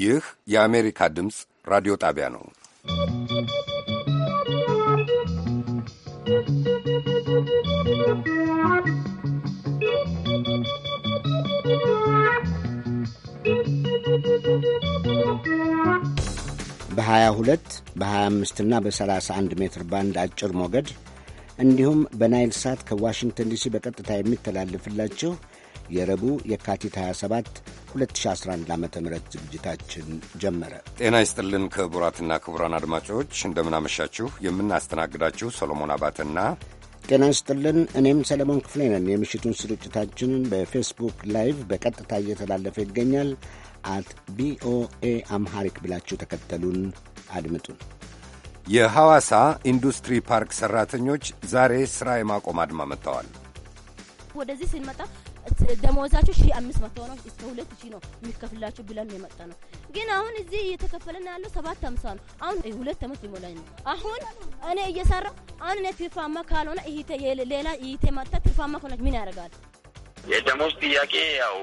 ይህ የአሜሪካ ድምፅ ራዲዮ ጣቢያ ነው። በ22 በ25 እና በ31 ሜትር ባንድ አጭር ሞገድ እንዲሁም በናይል ሳት ከዋሽንግተን ዲሲ በቀጥታ የሚተላልፍላችሁ የረቡዕ የካቲት 27 2011 ዓ ም ዝግጅታችን ጀመረ። ጤና ይስጥልን ክቡራትና ክቡራን አድማጮች እንደምናመሻችሁ። የምናስተናግዳችሁ ሰሎሞን አባትና ጤና ይስጥልን እኔም ሰለሞን ክፍሌ ነን። የምሽቱን ስርጭታችንን በፌስቡክ ላይቭ በቀጥታ እየተላለፈ ይገኛል። አት ቪኦኤ አምሃሪክ ብላችሁ ተከተሉን፣ አድምጡን። የሐዋሳ ኢንዱስትሪ ፓርክ ሠራተኞች ዛሬ ሥራ የማቆም አድማ መጥተዋል። ወደዚህ ስንመጣ ደሞዛቸው ሺህ አምስት መቶ ነው እስከ ሁለት ሺህ ነው የሚከፍላቸው ብለን የመጣ ነው። ግን አሁን እዚህ እየተከፈለና ያለው ሰባት አምሳ ነው። አሁን ሁለት አመት ሊሞላኝ ነው። አሁን እኔ እየሰራ አሁን እኔ ትርፋማ ካልሆነ ሌላ ይሄ መጣ ትርፋማ ከሆነች ምን ያደርጋል? የደሞዝ ጥያቄ ያው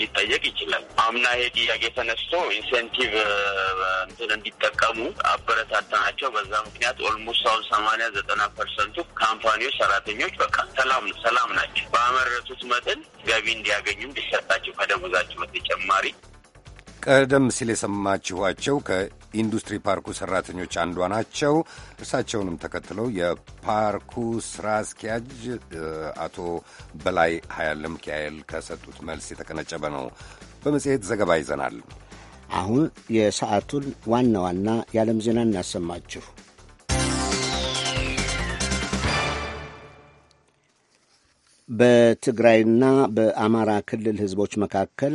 ሊጠየቅ ይችላል። አምና ይሄ ጥያቄ ተነስቶ ኢንሴንቲቭ እንትን እንዲጠቀሙ ናቸው በዛ ምክንያት ኦልሞስት አሁን ሰማንያ ዘጠና ፐርሰንቱ ካምፓኒዎች ሰራተኞች በቃ ሰላም ሰላም ናቸው። ባመረቱት መጠን ገቢ እንዲያገኙም ሊሰጣቸው ከደሞዛቸው በተጨማሪ ቀደም ሲል የሰማችኋቸው ከኢንዱስትሪ ፓርኩ ሠራተኞች አንዷ ናቸው። እርሳቸውንም ተከትለው የፓርኩ ሥራ አስኪያጅ አቶ በላይ ሀያለ ሚካኤል ከሰጡት መልስ የተቀነጨበ ነው። በመጽሔት ዘገባ ይዘናል። አሁን የሰዓቱን ዋና ዋና የዓለም ዜና እናሰማችሁ። በትግራይና በአማራ ክልል ህዝቦች መካከል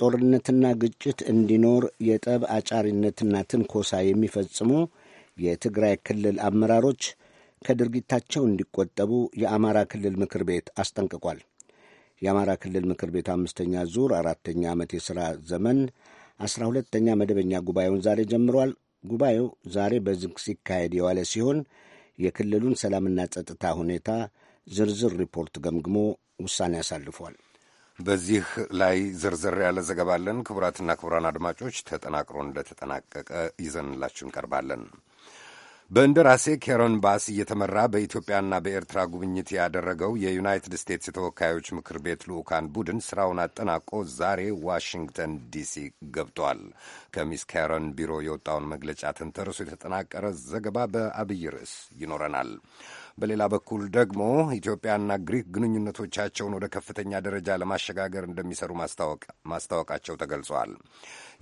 ጦርነትና ግጭት እንዲኖር የጠብ አጫሪነትና ትንኮሳ የሚፈጽሙ የትግራይ ክልል አመራሮች ከድርጊታቸው እንዲቆጠቡ የአማራ ክልል ምክር ቤት አስጠንቅቋል። የአማራ ክልል ምክር ቤት አምስተኛ ዙር አራተኛ ዓመት የሥራ ዘመን አስራ ሁለተኛ መደበኛ ጉባኤውን ዛሬ ጀምሯል። ጉባኤው ዛሬ በዝግ ሲካሄድ የዋለ ሲሆን የክልሉን ሰላምና ጸጥታ ሁኔታ ዝርዝር ሪፖርት ገምግሞ ውሳኔ አሳልፏል። በዚህ ላይ ዝርዝር ያለ ዘገባ አለን። ክቡራትና ክቡራን አድማጮች ተጠናቅሮ እንደተጠናቀቀ ይዘንላችሁ እንቀርባለን። በእንደራሴ ኬረን ባስ እየተመራ በኢትዮጵያና በኤርትራ ጉብኝት ያደረገው የዩናይትድ ስቴትስ የተወካዮች ምክር ቤት ልዑካን ቡድን ስራውን አጠናቆ ዛሬ ዋሽንግተን ዲሲ ገብቷል። ከሚስ ኬረን ቢሮ የወጣውን መግለጫ ተንተርሶ የተጠናቀረ ዘገባ በአብይ ርዕስ ይኖረናል። በሌላ በኩል ደግሞ ኢትዮጵያና ግሪክ ግንኙነቶቻቸውን ወደ ከፍተኛ ደረጃ ለማሸጋገር እንደሚሰሩ ማስታወቃቸው ተገልጿል።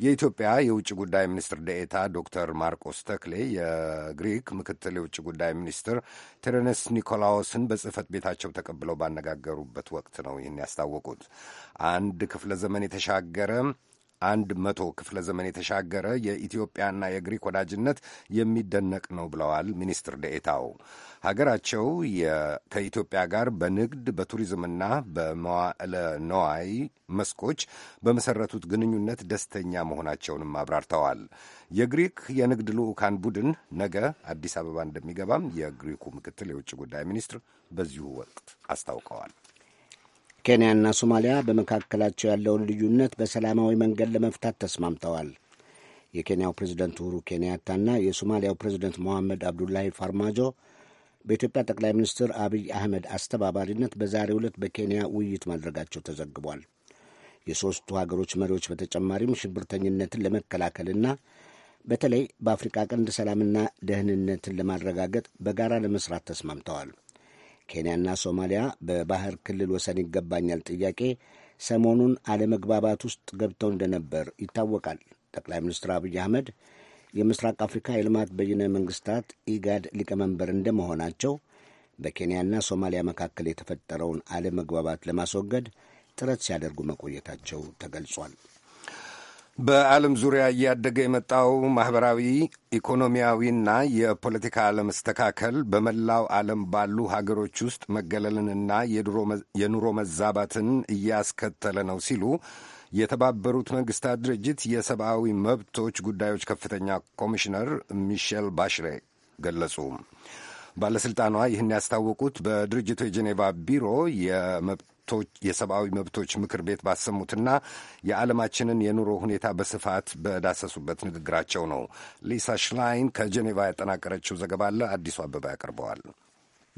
የኢትዮጵያ የውጭ ጉዳይ ሚኒስትር ደኤታ ዶክተር ማርቆስ ተክሌ የግሪክ ምክትል የውጭ ጉዳይ ሚኒስትር ቴረነስ ኒኮላዎስን በጽህፈት ቤታቸው ተቀብለው ባነጋገሩበት ወቅት ነው ይህን ያስታወቁት። አንድ ክፍለ ዘመን የተሻገረ አንድ መቶ ክፍለ ዘመን የተሻገረ የኢትዮጵያና የግሪክ ወዳጅነት የሚደነቅ ነው ብለዋል ሚኒስትር ደኤታው። ሀገራቸው ከኢትዮጵያ ጋር በንግድ በቱሪዝምና በመዋዕለ ነዋይ መስኮች በመሰረቱት ግንኙነት ደስተኛ መሆናቸውንም አብራርተዋል። የግሪክ የንግድ ልዑካን ቡድን ነገ አዲስ አበባ እንደሚገባም የግሪኩ ምክትል የውጭ ጉዳይ ሚኒስትር በዚሁ ወቅት አስታውቀዋል። ኬንያና ሶማሊያ በመካከላቸው ያለውን ልዩነት በሰላማዊ መንገድ ለመፍታት ተስማምተዋል። የኬንያው ፕሬዝደንት ኡሁሩ ኬንያታና የሶማሊያው ፕሬዝደንት ሞሐመድ አብዱላሂ ፋርማጆ በኢትዮጵያ ጠቅላይ ሚኒስትር አብይ አህመድ አስተባባሪነት በዛሬ ዕለት በኬንያ ውይይት ማድረጋቸው ተዘግቧል። የሦስቱ ሀገሮች መሪዎች በተጨማሪም ሽብርተኝነትን ለመከላከልና በተለይ በአፍሪቃ ቀንድ ሰላምና ደህንነትን ለማረጋገጥ በጋራ ለመስራት ተስማምተዋል። ኬንያና ሶማሊያ በባህር ክልል ወሰን ይገባኛል ጥያቄ ሰሞኑን አለመግባባት ውስጥ ገብተው እንደነበር ይታወቃል። ጠቅላይ ሚኒስትር አብይ አህመድ የምስራቅ አፍሪካ የልማት በይነ መንግስታት ኢጋድ ሊቀመንበር እንደመሆናቸው በኬንያና ሶማሊያ መካከል የተፈጠረውን አለመግባባት ለማስወገድ ጥረት ሲያደርጉ መቆየታቸው ተገልጿል። በዓለም ዙሪያ እያደገ የመጣው ማኅበራዊ ኢኮኖሚያዊና የፖለቲካ አለመስተካከል በመላው ዓለም ባሉ ሀገሮች ውስጥ መገለልንና የኑሮ መዛባትን እያስከተለ ነው ሲሉ የተባበሩት መንግስታት ድርጅት የሰብአዊ መብቶች ጉዳዮች ከፍተኛ ኮሚሽነር ሚሼል ባሽሬ ገለጹ። ባለሥልጣኗ ይህን ያስታወቁት በድርጅቱ የጄኔቫ ቢሮ የሰብአዊ መብቶች ምክር ቤት ባሰሙትና የዓለማችንን የኑሮ ሁኔታ በስፋት በዳሰሱበት ንግግራቸው ነው። ሊሳ ሽላይን ከጄኔቫ ያጠናቀረችው ዘገባ አለ። አዲሱ አበባ ያቀርበዋል።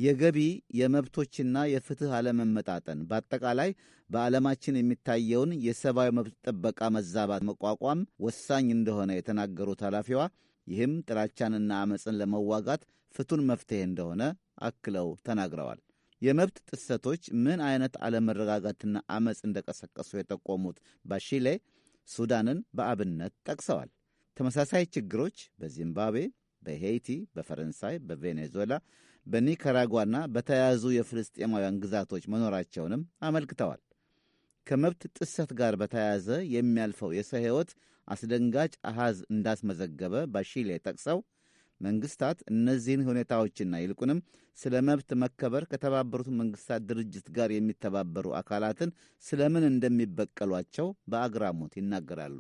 የገቢ የመብቶችና የፍትህ አለመመጣጠን በአጠቃላይ በዓለማችን የሚታየውን የሰብአዊ መብት ጥበቃ መዛባት መቋቋም ወሳኝ እንደሆነ የተናገሩት ኃላፊዋ ይህም ጥላቻንና አመፅን ለመዋጋት ፍቱን መፍትሄ እንደሆነ አክለው ተናግረዋል። የመብት ጥሰቶች ምን አይነት አለመረጋጋትና አመፅ እንደቀሰቀሱ የጠቆሙት ባሺሌ ሱዳንን በአብነት ጠቅሰዋል። ተመሳሳይ ችግሮች በዚምባብዌ፣ በሄይቲ፣ በፈረንሳይ፣ በቬኔዙዌላ በኒካራጓና በተያያዙ የፍልስጤማውያን ግዛቶች መኖራቸውንም አመልክተዋል። ከመብት ጥሰት ጋር በተያያዘ የሚያልፈው የሰው ሕይወት አስደንጋጭ አሐዝ እንዳስመዘገበ ባሺሌ ጠቅሰው መንግስታት እነዚህን ሁኔታዎችና ይልቁንም ስለ መብት መከበር ከተባበሩት መንግስታት ድርጅት ጋር የሚተባበሩ አካላትን ስለምን እንደሚበቀሏቸው በአግራሞት ይናገራሉ።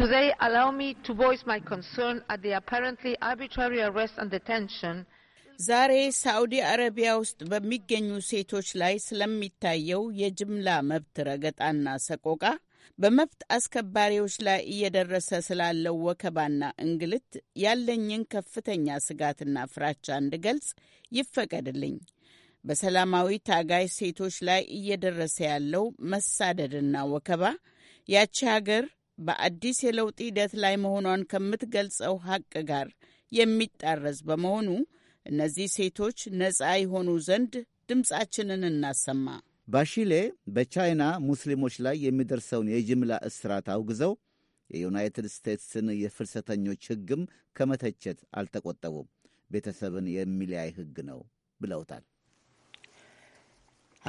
ቱዴይ አላው ሚ ቱ ቮይስ ማይ ዛሬ ሳዑዲ አረቢያ ውስጥ በሚገኙ ሴቶች ላይ ስለሚታየው የጅምላ መብት ረገጣና ሰቆቃ በመብት አስከባሪዎች ላይ እየደረሰ ስላለው ወከባና እንግልት ያለኝን ከፍተኛ ስጋትና ፍራቻ እንድገልጽ ይፈቀድልኝ። በሰላማዊ ታጋይ ሴቶች ላይ እየደረሰ ያለው መሳደድና ወከባ ያቺ ሀገር በአዲስ የለውጥ ሂደት ላይ መሆኗን ከምትገልጸው ሀቅ ጋር የሚጣረዝ በመሆኑ እነዚህ ሴቶች ነፃ የሆኑ ዘንድ ድምፃችንን እናሰማ። ባሺሌ በቻይና ሙስሊሞች ላይ የሚደርሰውን የጅምላ እስራት አውግዘው የዩናይትድ ስቴትስን የፍልሰተኞች ሕግም ከመተቸት አልተቆጠቡም። ቤተሰብን የሚለያይ ሕግ ነው ብለውታል።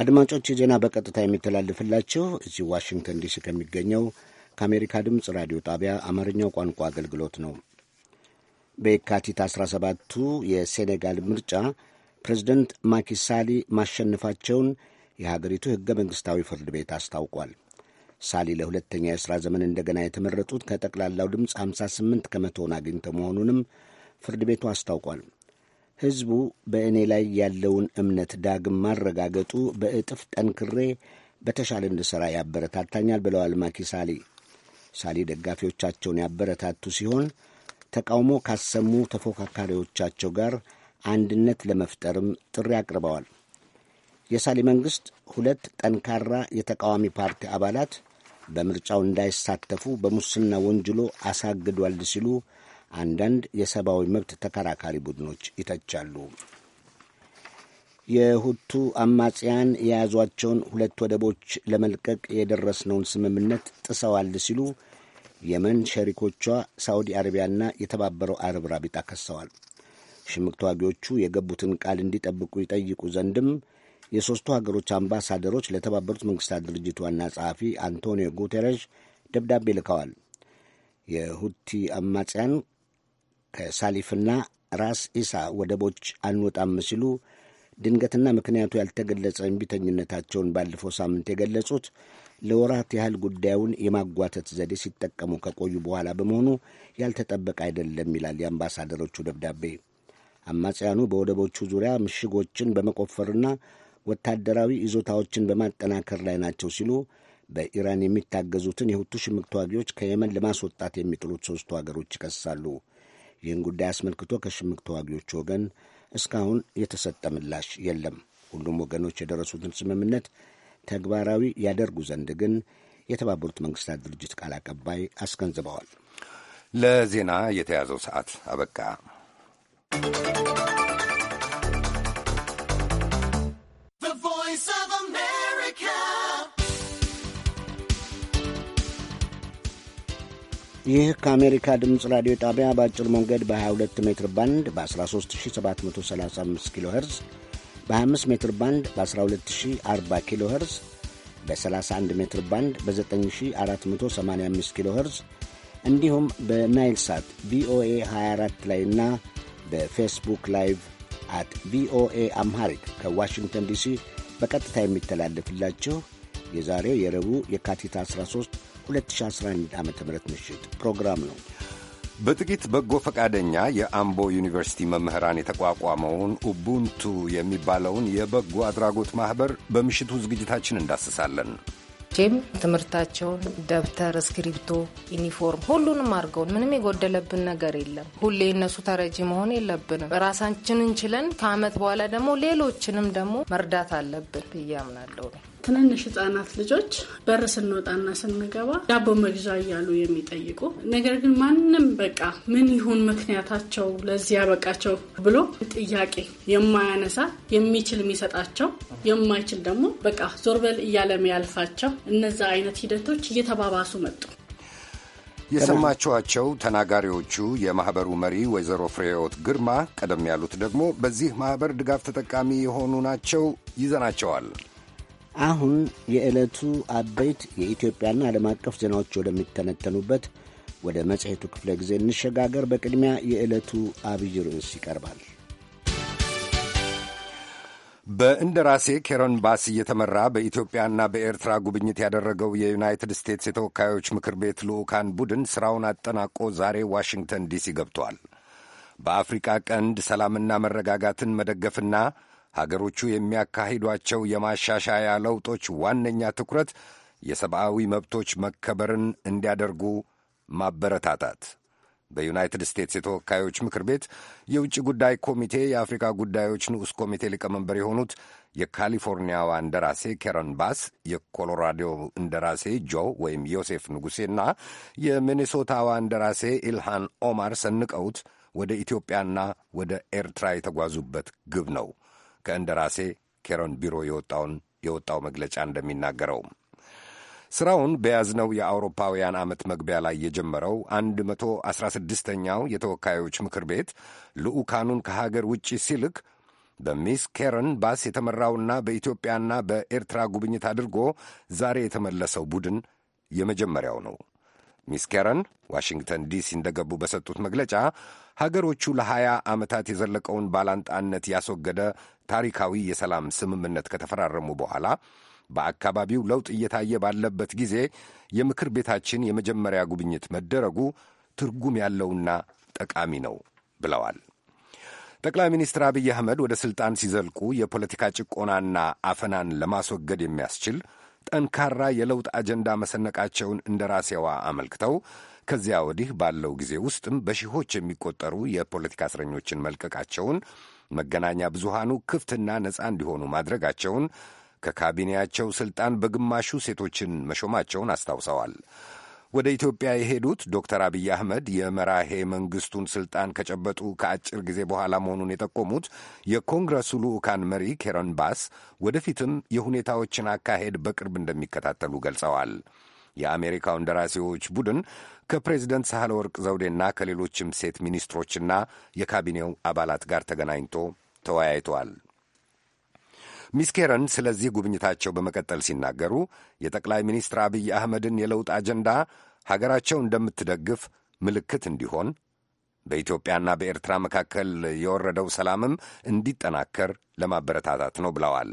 አድማጮች ዜና በቀጥታ የሚተላልፍላችሁ እዚህ ዋሽንግተን ዲሲ ከሚገኘው ከአሜሪካ ድምፅ ራዲዮ ጣቢያ አማርኛው ቋንቋ አገልግሎት ነው። በየካቲት 17ቱ የሴኔጋል ምርጫ ፕሬዚደንት ማኪሳሊ ማሸነፋቸውን የሀገሪቱ ሕገ መንግሥታዊ ፍርድ ቤት አስታውቋል። ሳሊ ለሁለተኛ የሥራ ዘመን እንደገና የተመረጡት ከጠቅላላው ድምፅ 58 ከመቶውን አግኝተው መሆኑንም ፍርድ ቤቱ አስታውቋል። ሕዝቡ በእኔ ላይ ያለውን እምነት ዳግም ማረጋገጡ በእጥፍ ጠንክሬ በተሻለ እንድሠራ ያበረታታኛል ብለዋል ማኪሳሊ። ሳሊ ደጋፊዎቻቸውን ያበረታቱ ሲሆን ተቃውሞ ካሰሙ ተፎካካሪዎቻቸው ጋር አንድነት ለመፍጠርም ጥሪ አቅርበዋል። የሳሊ መንግሥት ሁለት ጠንካራ የተቃዋሚ ፓርቲ አባላት በምርጫው እንዳይሳተፉ በሙስና ወንጅሎ አሳግዷል ሲሉ አንዳንድ የሰብአዊ መብት ተከራካሪ ቡድኖች ይተቻሉ። የሁቱ አማጽያን የያዟቸውን ሁለት ወደቦች ለመልቀቅ የደረስነውን ስምምነት ጥሰዋል ሲሉ የመን ሸሪኮቿ ሳዑዲ አረቢያና የተባበረው አረብ ራቢጥ ከሰዋል። ሽምቅ ተዋጊዎቹ የገቡትን ቃል እንዲጠብቁ ይጠይቁ ዘንድም የሦስቱ ሀገሮች አምባሳደሮች ለተባበሩት መንግስታት ድርጅት ዋና ጸሐፊ አንቶኒዮ ጉቴሬሽ ደብዳቤ ልከዋል። የሁቲ አማጽያን ከሳሊፍና ራስ ኢሳ ወደቦች አንወጣም ሲሉ ድንገትና ምክንያቱ ያልተገለጸ እምቢተኝነታቸውን ባለፈው ሳምንት የገለጹት ለወራት ያህል ጉዳዩን የማጓተት ዘዴ ሲጠቀሙ ከቆዩ በኋላ በመሆኑ ያልተጠበቀ አይደለም ይላል የአምባሳደሮቹ ደብዳቤ። አማጽያኑ በወደቦቹ ዙሪያ ምሽጎችን በመቆፈርና ወታደራዊ ይዞታዎችን በማጠናከር ላይ ናቸው ሲሉ በኢራን የሚታገዙትን የሁቱ ሽምቅ ተዋጊዎች ከየመን ለማስወጣት የሚጥሉት ሦስቱ አገሮች ይከሳሉ። ይህን ጉዳይ አስመልክቶ ከሽምቅ ተዋጊዎቹ ወገን እስካሁን የተሰጠ ምላሽ የለም። ሁሉም ወገኖች የደረሱትን ስምምነት ተግባራዊ ያደርጉ ዘንድ ግን የተባበሩት መንግስታት ድርጅት ቃል አቀባይ አስገንዝበዋል። ለዜና የተያዘው ሰዓት አበቃ። ይህ ከአሜሪካ ድምፅ ራዲዮ ጣቢያ በአጭር ሞገድ በ22 ሜትር ባንድ በ13735 ኪሎ ሄርዝ በ25 ሜትር ባንድ በ 1240 ኪሎ ኸርዝ በ31 ሜትር ባንድ በ9485 ኪሎ ኸርዝ እንዲሁም በናይል ሳት ቪኦኤ 24 ላይ በፌስቡክ ላይቭ አት ቪኦኤ አምሃሪክ ከዋሽንግተን ዲሲ በቀጥታ የሚተላለፍላችሁ የዛሬ የረቡዕ የካቲት 13 2011 ዓ ም ምሽት ፕሮግራም ነው። በጥቂት በጎ ፈቃደኛ የአምቦ ዩኒቨርሲቲ መምህራን የተቋቋመውን ኡቡንቱ የሚባለውን የበጎ አድራጎት ማኅበር በምሽቱ ዝግጅታችን እንዳስሳለን። ቼም ትምህርታቸውን ደብተር፣ እስክሪብቶ፣ ዩኒፎርም ሁሉንም አድርገውን ምንም የጎደለብን ነገር የለም። ሁሌ እነሱ ተረጂ መሆን የለብንም። ራሳችንን ችለን ከዓመት በኋላ ደግሞ ሌሎችንም ደግሞ መርዳት አለብን ብዬ አምናለሁ ነው ትንንሽ ህጻናት ልጆች በር ስንወጣና ስንገባ ዳቦ መግዣ እያሉ የሚጠይቁ ነገር ግን ማንም በቃ ምን ይሁን ምክንያታቸው ለዚህ ያበቃቸው ብሎ ጥያቄ የማያነሳ የሚችል የሚሰጣቸው የማይችል ደግሞ በቃ ዞር በል እያለ የሚያልፋቸው እነዛ አይነት ሂደቶች እየተባባሱ መጡ። የሰማችኋቸው ተናጋሪዎቹ የማኅበሩ መሪ ወይዘሮ ፍሬዎት ግርማ፣ ቀደም ያሉት ደግሞ በዚህ ማኅበር ድጋፍ ተጠቃሚ የሆኑ ናቸው። ይዘናቸዋል። አሁን የዕለቱ አበይት የኢትዮጵያና ዓለም አቀፍ ዜናዎች ወደሚተነተኑበት ወደ መጽሔቱ ክፍለ ጊዜ እንሸጋገር። በቅድሚያ የዕለቱ አብይ ርዕስ ይቀርባል። በእንደራሴ ኬረን ባስ እየተመራ በኢትዮጵያና በኤርትራ ጉብኝት ያደረገው የዩናይትድ ስቴትስ የተወካዮች ምክር ቤት ልዑካን ቡድን ሥራውን አጠናቆ ዛሬ ዋሽንግተን ዲሲ ገብቷል። በአፍሪቃ ቀንድ ሰላምና መረጋጋትን መደገፍና ሀገሮቹ የሚያካሂዷቸው የማሻሻያ ለውጦች ዋነኛ ትኩረት የሰብአዊ መብቶች መከበርን እንዲያደርጉ ማበረታታት በዩናይትድ ስቴትስ የተወካዮች ምክር ቤት የውጭ ጉዳይ ኮሚቴ የአፍሪካ ጉዳዮች ንዑስ ኮሚቴ ሊቀመንበር የሆኑት የካሊፎርኒያዋ እንደራሴ ኬረን ባስ፣ የኮሎራዶ እንደራሴ ጆ ወይም ዮሴፍ ንጉሴና የሚኔሶታዋ እንደራሴ ኢልሃን ኦማር ሰንቀውት ወደ ኢትዮጵያና ወደ ኤርትራ የተጓዙበት ግብ ነው። ከእንደራሴ ኬረን ቢሮ የወጣውን የወጣው መግለጫ እንደሚናገረው ስራውን በያዝነው የአውሮፓውያን ዓመት መግቢያ ላይ የጀመረው 116ኛው የተወካዮች ምክር ቤት ልዑካኑን ከሀገር ውጪ ሲልክ በሚስ ኬረን ባስ የተመራውና በኢትዮጵያና በኤርትራ ጉብኝት አድርጎ ዛሬ የተመለሰው ቡድን የመጀመሪያው ነው። ሚስ ኬረን ዋሽንግተን ዲሲ እንደገቡ በሰጡት መግለጫ ሀገሮቹ ለሀያ ዓመታት የዘለቀውን ባላንጣነት ያስወገደ ታሪካዊ የሰላም ስምምነት ከተፈራረሙ በኋላ በአካባቢው ለውጥ እየታየ ባለበት ጊዜ የምክር ቤታችን የመጀመሪያ ጉብኝት መደረጉ ትርጉም ያለውና ጠቃሚ ነው ብለዋል። ጠቅላይ ሚኒስትር አብይ አህመድ ወደ ሥልጣን ሲዘልቁ የፖለቲካ ጭቆናና አፈናን ለማስወገድ የሚያስችል ጠንካራ የለውጥ አጀንዳ መሰነቃቸውን እንደ ራሴዋ አመልክተው ከዚያ ወዲህ ባለው ጊዜ ውስጥም በሺሆች የሚቆጠሩ የፖለቲካ እስረኞችን መልቀቃቸውን፣ መገናኛ ብዙሃኑ ክፍትና ነፃ እንዲሆኑ ማድረጋቸውን፣ ከካቢኔያቸው ስልጣን በግማሹ ሴቶችን መሾማቸውን አስታውሰዋል። ወደ ኢትዮጵያ የሄዱት ዶክተር አብይ አህመድ የመራሄ መንግስቱን ስልጣን ከጨበጡ ከአጭር ጊዜ በኋላ መሆኑን የጠቆሙት የኮንግረሱ ልዑካን መሪ ኬረን ባስ ወደፊትም የሁኔታዎችን አካሄድ በቅርብ እንደሚከታተሉ ገልጸዋል። የአሜሪካው እንደራሴዎች ቡድን ከፕሬዚደንት ሳህለ ወርቅ ዘውዴና ከሌሎችም ሴት ሚኒስትሮችና የካቢኔው አባላት ጋር ተገናኝቶ ተወያይተዋል። ሚስ ኬረን ስለዚህ ጉብኝታቸው በመቀጠል ሲናገሩ የጠቅላይ ሚኒስትር አብይ አህመድን የለውጥ አጀንዳ ሀገራቸው እንደምትደግፍ ምልክት እንዲሆን በኢትዮጵያና በኤርትራ መካከል የወረደው ሰላምም እንዲጠናከር ለማበረታታት ነው ብለዋል።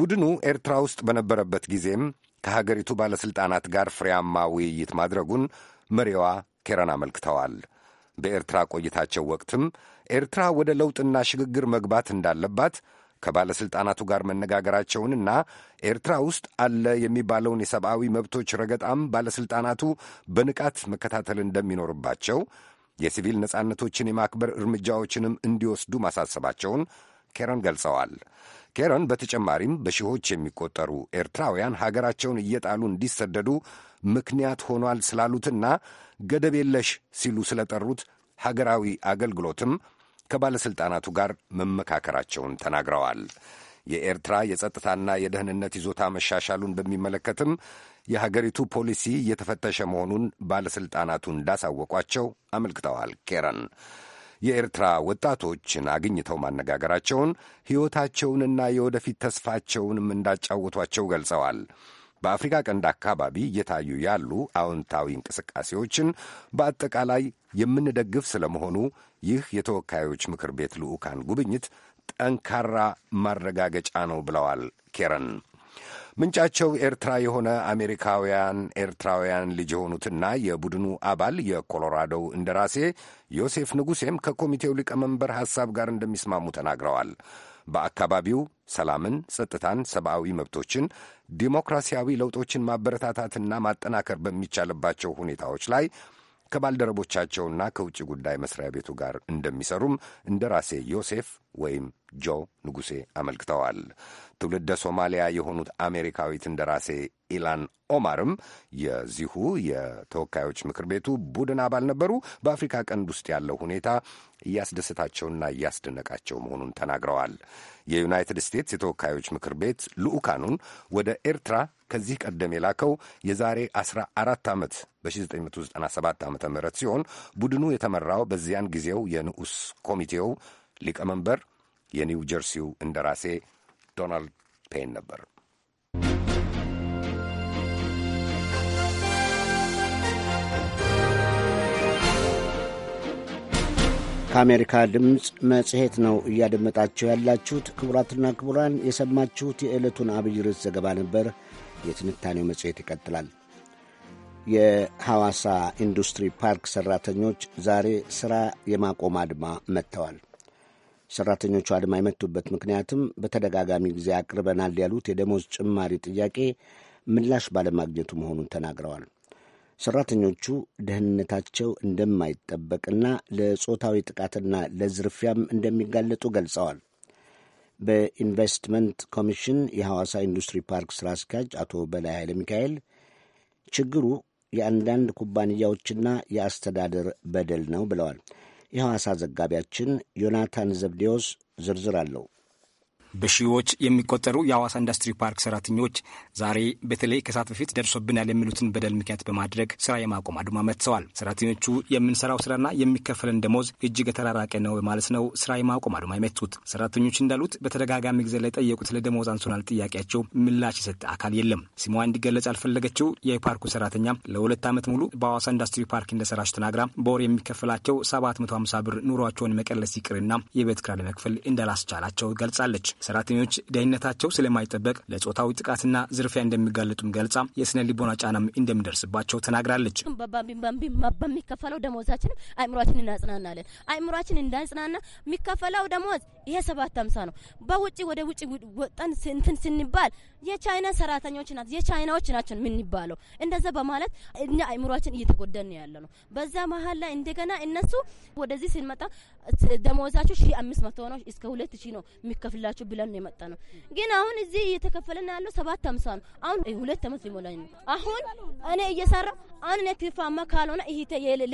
ቡድኑ ኤርትራ ውስጥ በነበረበት ጊዜም ከሀገሪቱ ባለሥልጣናት ጋር ፍሬያማ ውይይት ማድረጉን መሪዋ ኬረን አመልክተዋል። በኤርትራ ቆይታቸው ወቅትም ኤርትራ ወደ ለውጥና ሽግግር መግባት እንዳለባት ከባለሥልጣናቱ ጋር መነጋገራቸውንና ኤርትራ ውስጥ አለ የሚባለውን የሰብአዊ መብቶች ረገጣም ባለሥልጣናቱ በንቃት መከታተል እንደሚኖርባቸው፣ የሲቪል ነጻነቶችን የማክበር እርምጃዎችንም እንዲወስዱ ማሳሰባቸውን ኬረን ገልጸዋል። ኬረን በተጨማሪም በሺዎች የሚቆጠሩ ኤርትራውያን ሀገራቸውን እየጣሉ እንዲሰደዱ ምክንያት ሆኗል ስላሉትና ገደብ የለሽ ሲሉ ስለጠሩት ሀገራዊ አገልግሎትም ከባለሥልጣናቱ ጋር መመካከራቸውን ተናግረዋል። የኤርትራ የጸጥታና የደህንነት ይዞታ መሻሻሉን በሚመለከትም የሀገሪቱ ፖሊሲ እየተፈተሸ መሆኑን ባለሥልጣናቱ እንዳሳወቋቸው አመልክተዋል። ኬረን የኤርትራ ወጣቶችን አግኝተው ማነጋገራቸውን ሕይወታቸውንና የወደፊት ተስፋቸውንም እንዳጫወቷቸው ገልጸዋል። በአፍሪካ ቀንድ አካባቢ እየታዩ ያሉ አዎንታዊ እንቅስቃሴዎችን በአጠቃላይ የምንደግፍ ስለመሆኑ ይህ የተወካዮች ምክር ቤት ልዑካን ጉብኝት ጠንካራ ማረጋገጫ ነው ብለዋል ኬረን። ምንጫቸው ኤርትራ የሆነ አሜሪካውያን ኤርትራውያን ልጅ የሆኑትና የቡድኑ አባል የኮሎራዶው እንደራሴ ዮሴፍ ንጉሴም ከኮሚቴው ሊቀመንበር ሐሳብ ጋር እንደሚስማሙ ተናግረዋል። በአካባቢው ሰላምን፣ ጸጥታን፣ ሰብአዊ መብቶችን፣ ዲሞክራሲያዊ ለውጦችን ማበረታታትና ማጠናከር በሚቻልባቸው ሁኔታዎች ላይ ከባልደረቦቻቸውና ከውጭ ጉዳይ መስሪያ ቤቱ ጋር እንደሚሰሩም እንደራሴ ዮሴፍ ወይም ጆ ንጉሴ አመልክተዋል። ትውልደ ሶማሊያ የሆኑት አሜሪካዊት እንደራሴ ኢላን ኦማርም የዚሁ የተወካዮች ምክር ቤቱ ቡድን አባል ነበሩ። በአፍሪካ ቀንድ ውስጥ ያለው ሁኔታ እያስደሰታቸውና እያስደነቃቸው መሆኑን ተናግረዋል። የዩናይትድ ስቴትስ የተወካዮች ምክር ቤት ልዑካኑን ወደ ኤርትራ ከዚህ ቀደም የላከው የዛሬ 14 ዓመት በ1997 ዓ ም ሲሆን ቡድኑ የተመራው በዚያን ጊዜው የንዑስ ኮሚቴው ሊቀመንበር የኒው ጀርሲው እንደራሴ ዶናልድ ፔን ነበር። ከአሜሪካ ድምፅ መጽሔት ነው እያደመጣችሁ ያላችሁት። ክቡራትና ክቡራን የሰማችሁት የዕለቱን አብይ ርዕስ ዘገባ ነበር። የትንታኔው መጽሔት ይቀጥላል። የሐዋሳ ኢንዱስትሪ ፓርክ ሠራተኞች ዛሬ ሥራ የማቆም አድማ መጥተዋል። ሠራተኞቹ አድማ የመቱበት ምክንያትም በተደጋጋሚ ጊዜ አቅርበናል ያሉት የደሞዝ ጭማሪ ጥያቄ ምላሽ ባለማግኘቱ መሆኑን ተናግረዋል። ሠራተኞቹ ደህንነታቸው እንደማይጠበቅና ለጾታዊ ጥቃትና ለዝርፊያም እንደሚጋለጡ ገልጸዋል። በኢንቨስትመንት ኮሚሽን የሐዋሳ ኢንዱስትሪ ፓርክ ሥራ አስኪያጅ አቶ በላይ ኃይለ ሚካኤል ችግሩ የአንዳንድ ኩባንያዎችና የአስተዳደር በደል ነው ብለዋል። የሐዋሳ ዘጋቢያችን ዮናታን ዘብዴዎስ ዝርዝር አለው። በሺዎች የሚቆጠሩ የአዋሳ ኢንዱስትሪ ፓርክ ሰራተኞች ዛሬ በተለይ ከሰዓት በፊት ደርሶብናል የሚሉትን በደል ምክንያት በማድረግ ስራ የማቆም አድማ መጥተዋል። ሰራተኞቹ የምንሰራው ስራና የሚከፈለን ደሞዝ እጅግ የተራራቀ ነው በማለት ነው ስራ የማቆም አድማ የመቱት። ሰራተኞች እንዳሉት በተደጋጋሚ ጊዜ ላይ ጠየቁት ለደሞዝ አንሶናል ጥያቄያቸው ምላሽ የሰጠ አካል የለም። ስሟ እንዲገለጽ ያልፈለገችው የፓርኩ ሰራተኛ ለሁለት ዓመት ሙሉ በአዋሳ ኢንዱስትሪ ፓርክ እንደሰራች ተናግራ በወር የሚከፈላቸው 750 ብር ኑሯቸውን መቀለስ ይቅርና የቤት ክራ ለመክፈል እንዳላስቻላቸው ገልጻለች። ሰራተኞች ደህንነታቸው ስለማይጠበቅ ለጾታዊ ጥቃትና ዝርፊያ እንደሚጋለጡም ገልጻ የስነ ልቦና ጫናም እንደሚደርስባቸው ተናግራለች። በሚከፈለው ደሞዛችንም አእምሯችን እናጽናናለን። አእምሯችን እንዳንጽናና የሚከፈለው ደሞዝ ይሄ ሰባት ሀምሳ ነው። በውጭ ወደ ውጭ ወጠን እንትን ስንባል የቻይና ሰራተኞች ናት የቻይናዎች ናቸው የምንባለው። እንደዛ በማለት እኛ አእምሯችን እየተጎዳን ያለ ነው። በዛ መሀል ላይ እንደገና እነሱ ወደዚህ ስንመጣ ደሞዛችሁ ሺ አምስት መቶ ነው እስከ ሁለት ሺ ነው የሚከፍላችሁ ብለን ነው የመጣ ነው። ግን አሁን እዚህ እየተከፈለን ያለው ሰባት አምሳ ነው። አሁን ሁለት ተመስ ሊሞላኝ ነው። አሁን እኔ እየሰራ አሁን እኔ ትርፋማ ካልሆነ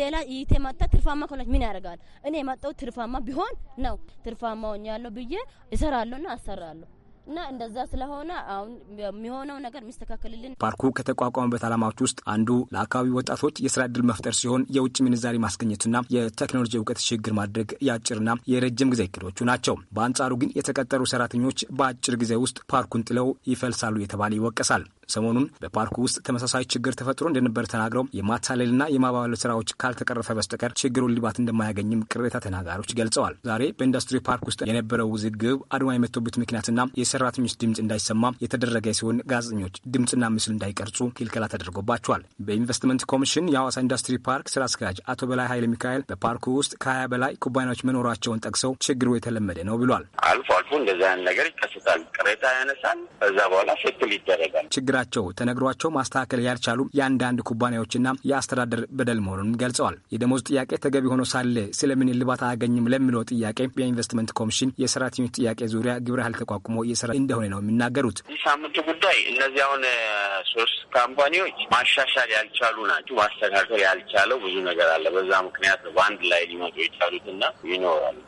ሌላ ይሄ መጣ ትርፋማ ከሆነች ምን ያደርጋል? እኔ የመጣው ትርፋማ ቢሆን ነው። ትርፋማ ሆኛለሁ ብዬ እሰራለሁና አሰራለሁ እና እንደዛ ስለሆነ አሁን የሚሆነው ነገር የሚስተካከልልን። ፓርኩ ከተቋቋመበት ዓላማዎች ውስጥ አንዱ ለአካባቢ ወጣቶች የስራ እድል መፍጠር ሲሆን የውጭ ምንዛሪ ማስገኘትና የቴክኖሎጂ እውቀት ሽግግር ማድረግ የአጭርና የረጅም ጊዜ እቅዶቹ ናቸው። በአንጻሩ ግን የተቀጠሩ ሰራተኞች በአጭር ጊዜ ውስጥ ፓርኩን ጥለው ይፈልሳሉ የተባለ ይወቀሳል። ሰሞኑን በፓርኩ ውስጥ ተመሳሳይ ችግር ተፈጥሮ እንደነበር ተናግረው የማታለልና የማባበል ስራዎች ካልተቀረፈ በስተቀር ችግሩን ሊባት እንደማያገኝም ቅሬታ ተናጋሪዎች ገልጸዋል። ዛሬ በኢንዱስትሪ ፓርክ ውስጥ የነበረው ውዝግብ አድማ የመቶበት ምክንያትና የሰራተኞች ድምፅ እንዳይሰማ የተደረገ ሲሆን ጋዜጠኞች ድምፅና ምስል እንዳይቀርጹ ክልከላ ተደርጎባቸዋል። በኢንቨስትመንት ኮሚሽን የሐዋሳ ኢንዱስትሪ ፓርክ ስራ አስኪያጅ አቶ በላይ ኃይለ ሚካኤል በፓርኩ ውስጥ ከሀያ በላይ ኩባንያዎች መኖራቸውን ጠቅሰው ችግሩ የተለመደ ነው ብሏል። አልፎ አልፎ እንደዚህ አይነት ነገር ይከሰታል። ቅሬታ ያነሳል። ከዛ በኋላ ፍትል ይደረጋል። በበኩላቸው ተነግሯቸው ማስተካከል ያልቻሉ የአንዳንድ ኩባንያዎችና የአስተዳደር በደል መሆኑን ገልጸዋል። የደሞዝ ጥያቄ ተገቢ ሆኖ ሳለ ስለምን እልባት አያገኝም ለሚለው ጥያቄ የኢንቨስትመንት ኮሚሽን የሰራተኞች ጥያቄ ዙሪያ ግብረ ኃይል ተቋቁሞ እየሰራ እንደሆነ ነው የሚናገሩት። ይህ ሳምንቱ ጉዳይ እነዚህ አሁን ሶስት ካምፓኒዎች ማሻሻል ያልቻሉ ናቸው። ማስተካከል ያልቻለው ብዙ ነገር አለ። በዛ ምክንያት በአንድ ላይ ሊመጡ የቻሉትና ይኖራል።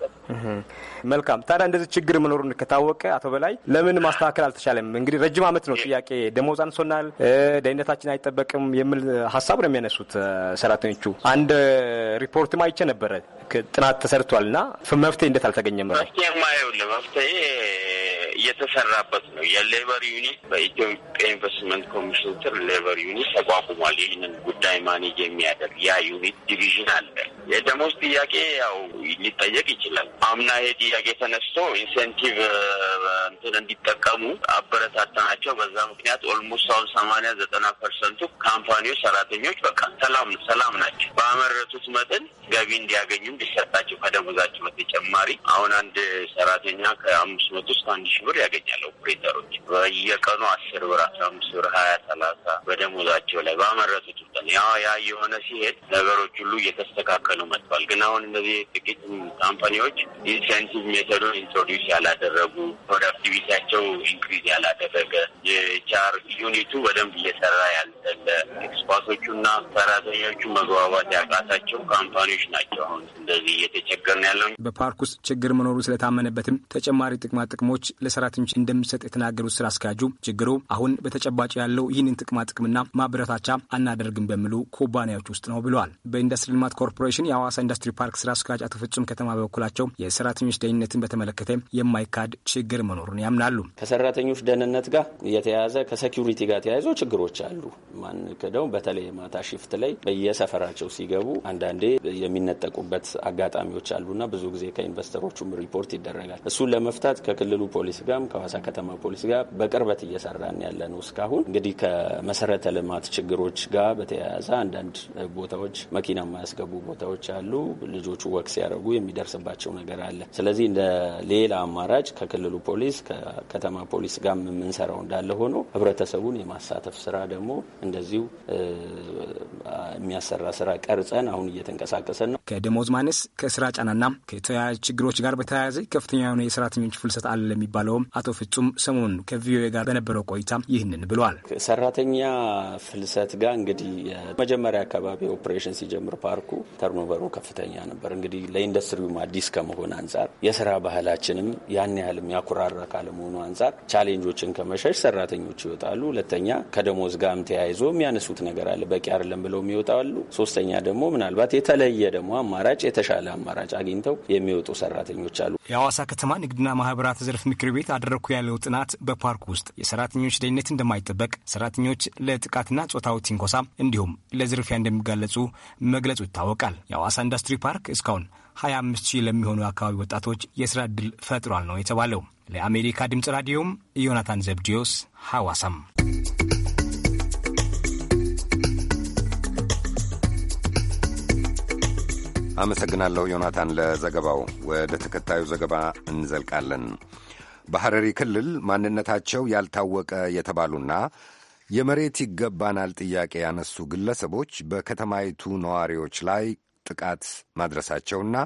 መልካም ታዲያ እንደዚህ ችግር መኖሩን ከታወቀ አቶ በላይ ለምን ማስተካከል አልተቻለም? እንግዲህ ረጅም ዓመት ነው ጥያቄ ደሞዝ አንሶናል፣ ደህንነታችን አይጠበቅም የሚል ሀሳብ ነው የሚያነሱት ሰራተኞቹ። አንድ ሪፖርትም አይቼ ነበረ ጥናት ተሰርቷል እና መፍትሄ እንዴት አልተገኘም? መፍትሄ እየተሰራበት ነው። የሌበር ዩኒት በኢትዮጵያ ኢንቨስትመንት ኮሚሽን ስር ሌበር ዩኒት ተቋቁሟል። ይህንን ጉዳይ ማኔጅ የሚያደርግ ያ ዩኒት ዲቪዥን አለ። የደሞዝ ጥያቄ ያው ሊጠየቅ ይችላል። አምና ይሄ ጥያቄ ተነስቶ ኢንሴንቲቭ እንትን እንዲጠቀሙ አበረታታናቸው። በዛ ምክንያት ኦልሞስት አሁን ሰማንያ ዘጠና ፐርሰንቱ ካምፓኒዎች ሰራተኞች በቃ ሰላም ሰላም ናቸው። ባመረቱት መጠን ገቢ እንዲያገኙ እንዲሰጣቸው ከደሞዛቸው በተጨማሪ አሁን አንድ ሰራተኛ ከአምስት መቶ እስከ አንድ ሺ ብር ያገኛል። ኦፕሬተሮች በየቀኑ አስር ብር፣ አስራ አምስት ብር፣ ሀያ ሰላሳ በደሞዛቸው ላይ ባመረቱት ውጠን ያ ያ የሆነ ሲሄድ ነገሮች ሁሉ እየተስተካከሉ መጥቷል። ግን አሁን እነዚህ ጥቂት ካምፓኒዎች ኢንሴንቲቭ ሜቶዶን ኢንትሮዲውስ ያላደረጉ ፕሮዳክቲቪቲያቸው ኢንክሪዝ ያላደረገ የቻር ዩኒቱ በደንብ እየሰራ ያልጠለ ኤክስፓርቶቹና ሰራተኞቹ መግባባት ያቃታቸው ካምፓኒዎች ናቸው። አሁን እንደዚህ እየተቸገርን ያለው በፓርክ ውስጥ ችግር መኖሩ ስለታመነበትም ተጨማሪ ጥቅማ ጥቅሞች ሰራተኞች እንደሚሰጥ የተናገሩት ስራ አስኪያጁ ችግሩ አሁን በተጨባጭ ያለው ይህንን ጥቅማ ጥቅምና ማበረታቻ አናደርግም በሚሉ ኩባንያዎች ውስጥ ነው ብለዋል። በኢንዱስትሪ ልማት ኮርፖሬሽን የአዋሳ ኢንዱስትሪ ፓርክ ስራ አስኪያጅ አቶ ፍጹም ከተማ በበኩላቸው የሰራተኞች ደህንነትን በተመለከተ የማይካድ ችግር መኖሩን ያምናሉ። ከሰራተኞች ደህንነት ጋር የተያያዘ ከሴኪሪቲ ጋር ተያይዞ ችግሮች አሉ። ማንክደው በተለይ ማታ ሽፍት ላይ በየሰፈራቸው ሲገቡ አንዳንዴ የሚነጠቁበት አጋጣሚዎች አሉና ብዙ ጊዜ ከኢንቨስተሮቹም ሪፖርት ይደረጋል። እሱን ለመፍታት ከክልሉ ፖሊስ ጋርም ከሀዋሳ ከተማ ፖሊስ ጋር በቅርበት እየሰራን ያለ ነው። እስካሁን እንግዲህ ከመሰረተ ልማት ችግሮች ጋር በተያያዘ አንዳንድ ቦታዎች መኪና የማያስገቡ ቦታዎች አሉ። ልጆቹ ወቅ ሲያደርጉ የሚደርስባቸው ነገር አለ። ስለዚህ እንደ ሌላ አማራጭ ከክልሉ ፖሊስ ከከተማ ፖሊስ ጋር የምንሰራው እንዳለ ሆኖ ህብረተሰቡን የማሳተፍ ስራ ደግሞ እንደዚሁ የሚያሰራ ስራ ቀርጸን አሁን እየተንቀሳቀሰን ነው። ከደሞዝ ማነስ ከስራ ጫናና ከተያያዥ ችግሮች ጋር በተያያዘ ከፍተኛ የሆነ የሰራተኞች ፍልሰት አለ ለሚባለው ያለውም አቶ ፍጹም ሰሞኑን ከቪኦኤ ጋር በነበረው ቆይታ ይህንን ብሏል። ሰራተኛ ፍልሰት ጋር እንግዲህ መጀመሪያ አካባቢ ኦፕሬሽን ሲጀምር ፓርኩ ተርኖቨሩ ከፍተኛ ነበር። እንግዲህ ለኢንዱስትሪውም አዲስ ከመሆን አንጻር የስራ ባህላችንም ያን ያህል ያኩራራ ካለመሆኑ አንጻር ቻሌንጆችን ከመሸሽ ሰራተኞች ይወጣሉ። ሁለተኛ ከደሞዝ ጋርም ተያይዞ የሚያነሱት ነገር አለ። በቂ አይደለም ብለው ይወጣሉ። ሶስተኛ ደግሞ ምናልባት የተለየ ደግሞ አማራጭ የተሻለ አማራጭ አግኝተው የሚወጡ ሰራተኞች አሉ። የአዋሳ ከተማ ንግድና ማህበራት ዘርፍ ምክር ቤት ቤት አደረግኩ ያለው ጥናት በፓርክ ውስጥ የሰራተኞች ደህንነት እንደማይጠበቅ፣ ሰራተኞች ለጥቃትና ጾታዊ ትንኮሳ እንዲሁም ለዝርፊያ እንደሚጋለጹ መግለጹ ይታወቃል። የአዋሳ ኢንዱስትሪ ፓርክ እስካሁን 25 ሺህ ለሚሆኑ አካባቢ ወጣቶች የስራ እድል ፈጥሯል ነው የተባለው። ለአሜሪካ ድምፅ ራዲዮም ዮናታን ዘብዲዮስ ሐዋሳም። አመሰግናለሁ ዮናታን ለዘገባው። ወደ ተከታዩ ዘገባ እንዘልቃለን። በሐረሪ ክልል ማንነታቸው ያልታወቀ የተባሉና የመሬት ይገባናል ጥያቄ ያነሱ ግለሰቦች በከተማይቱ ነዋሪዎች ላይ ጥቃት ማድረሳቸውና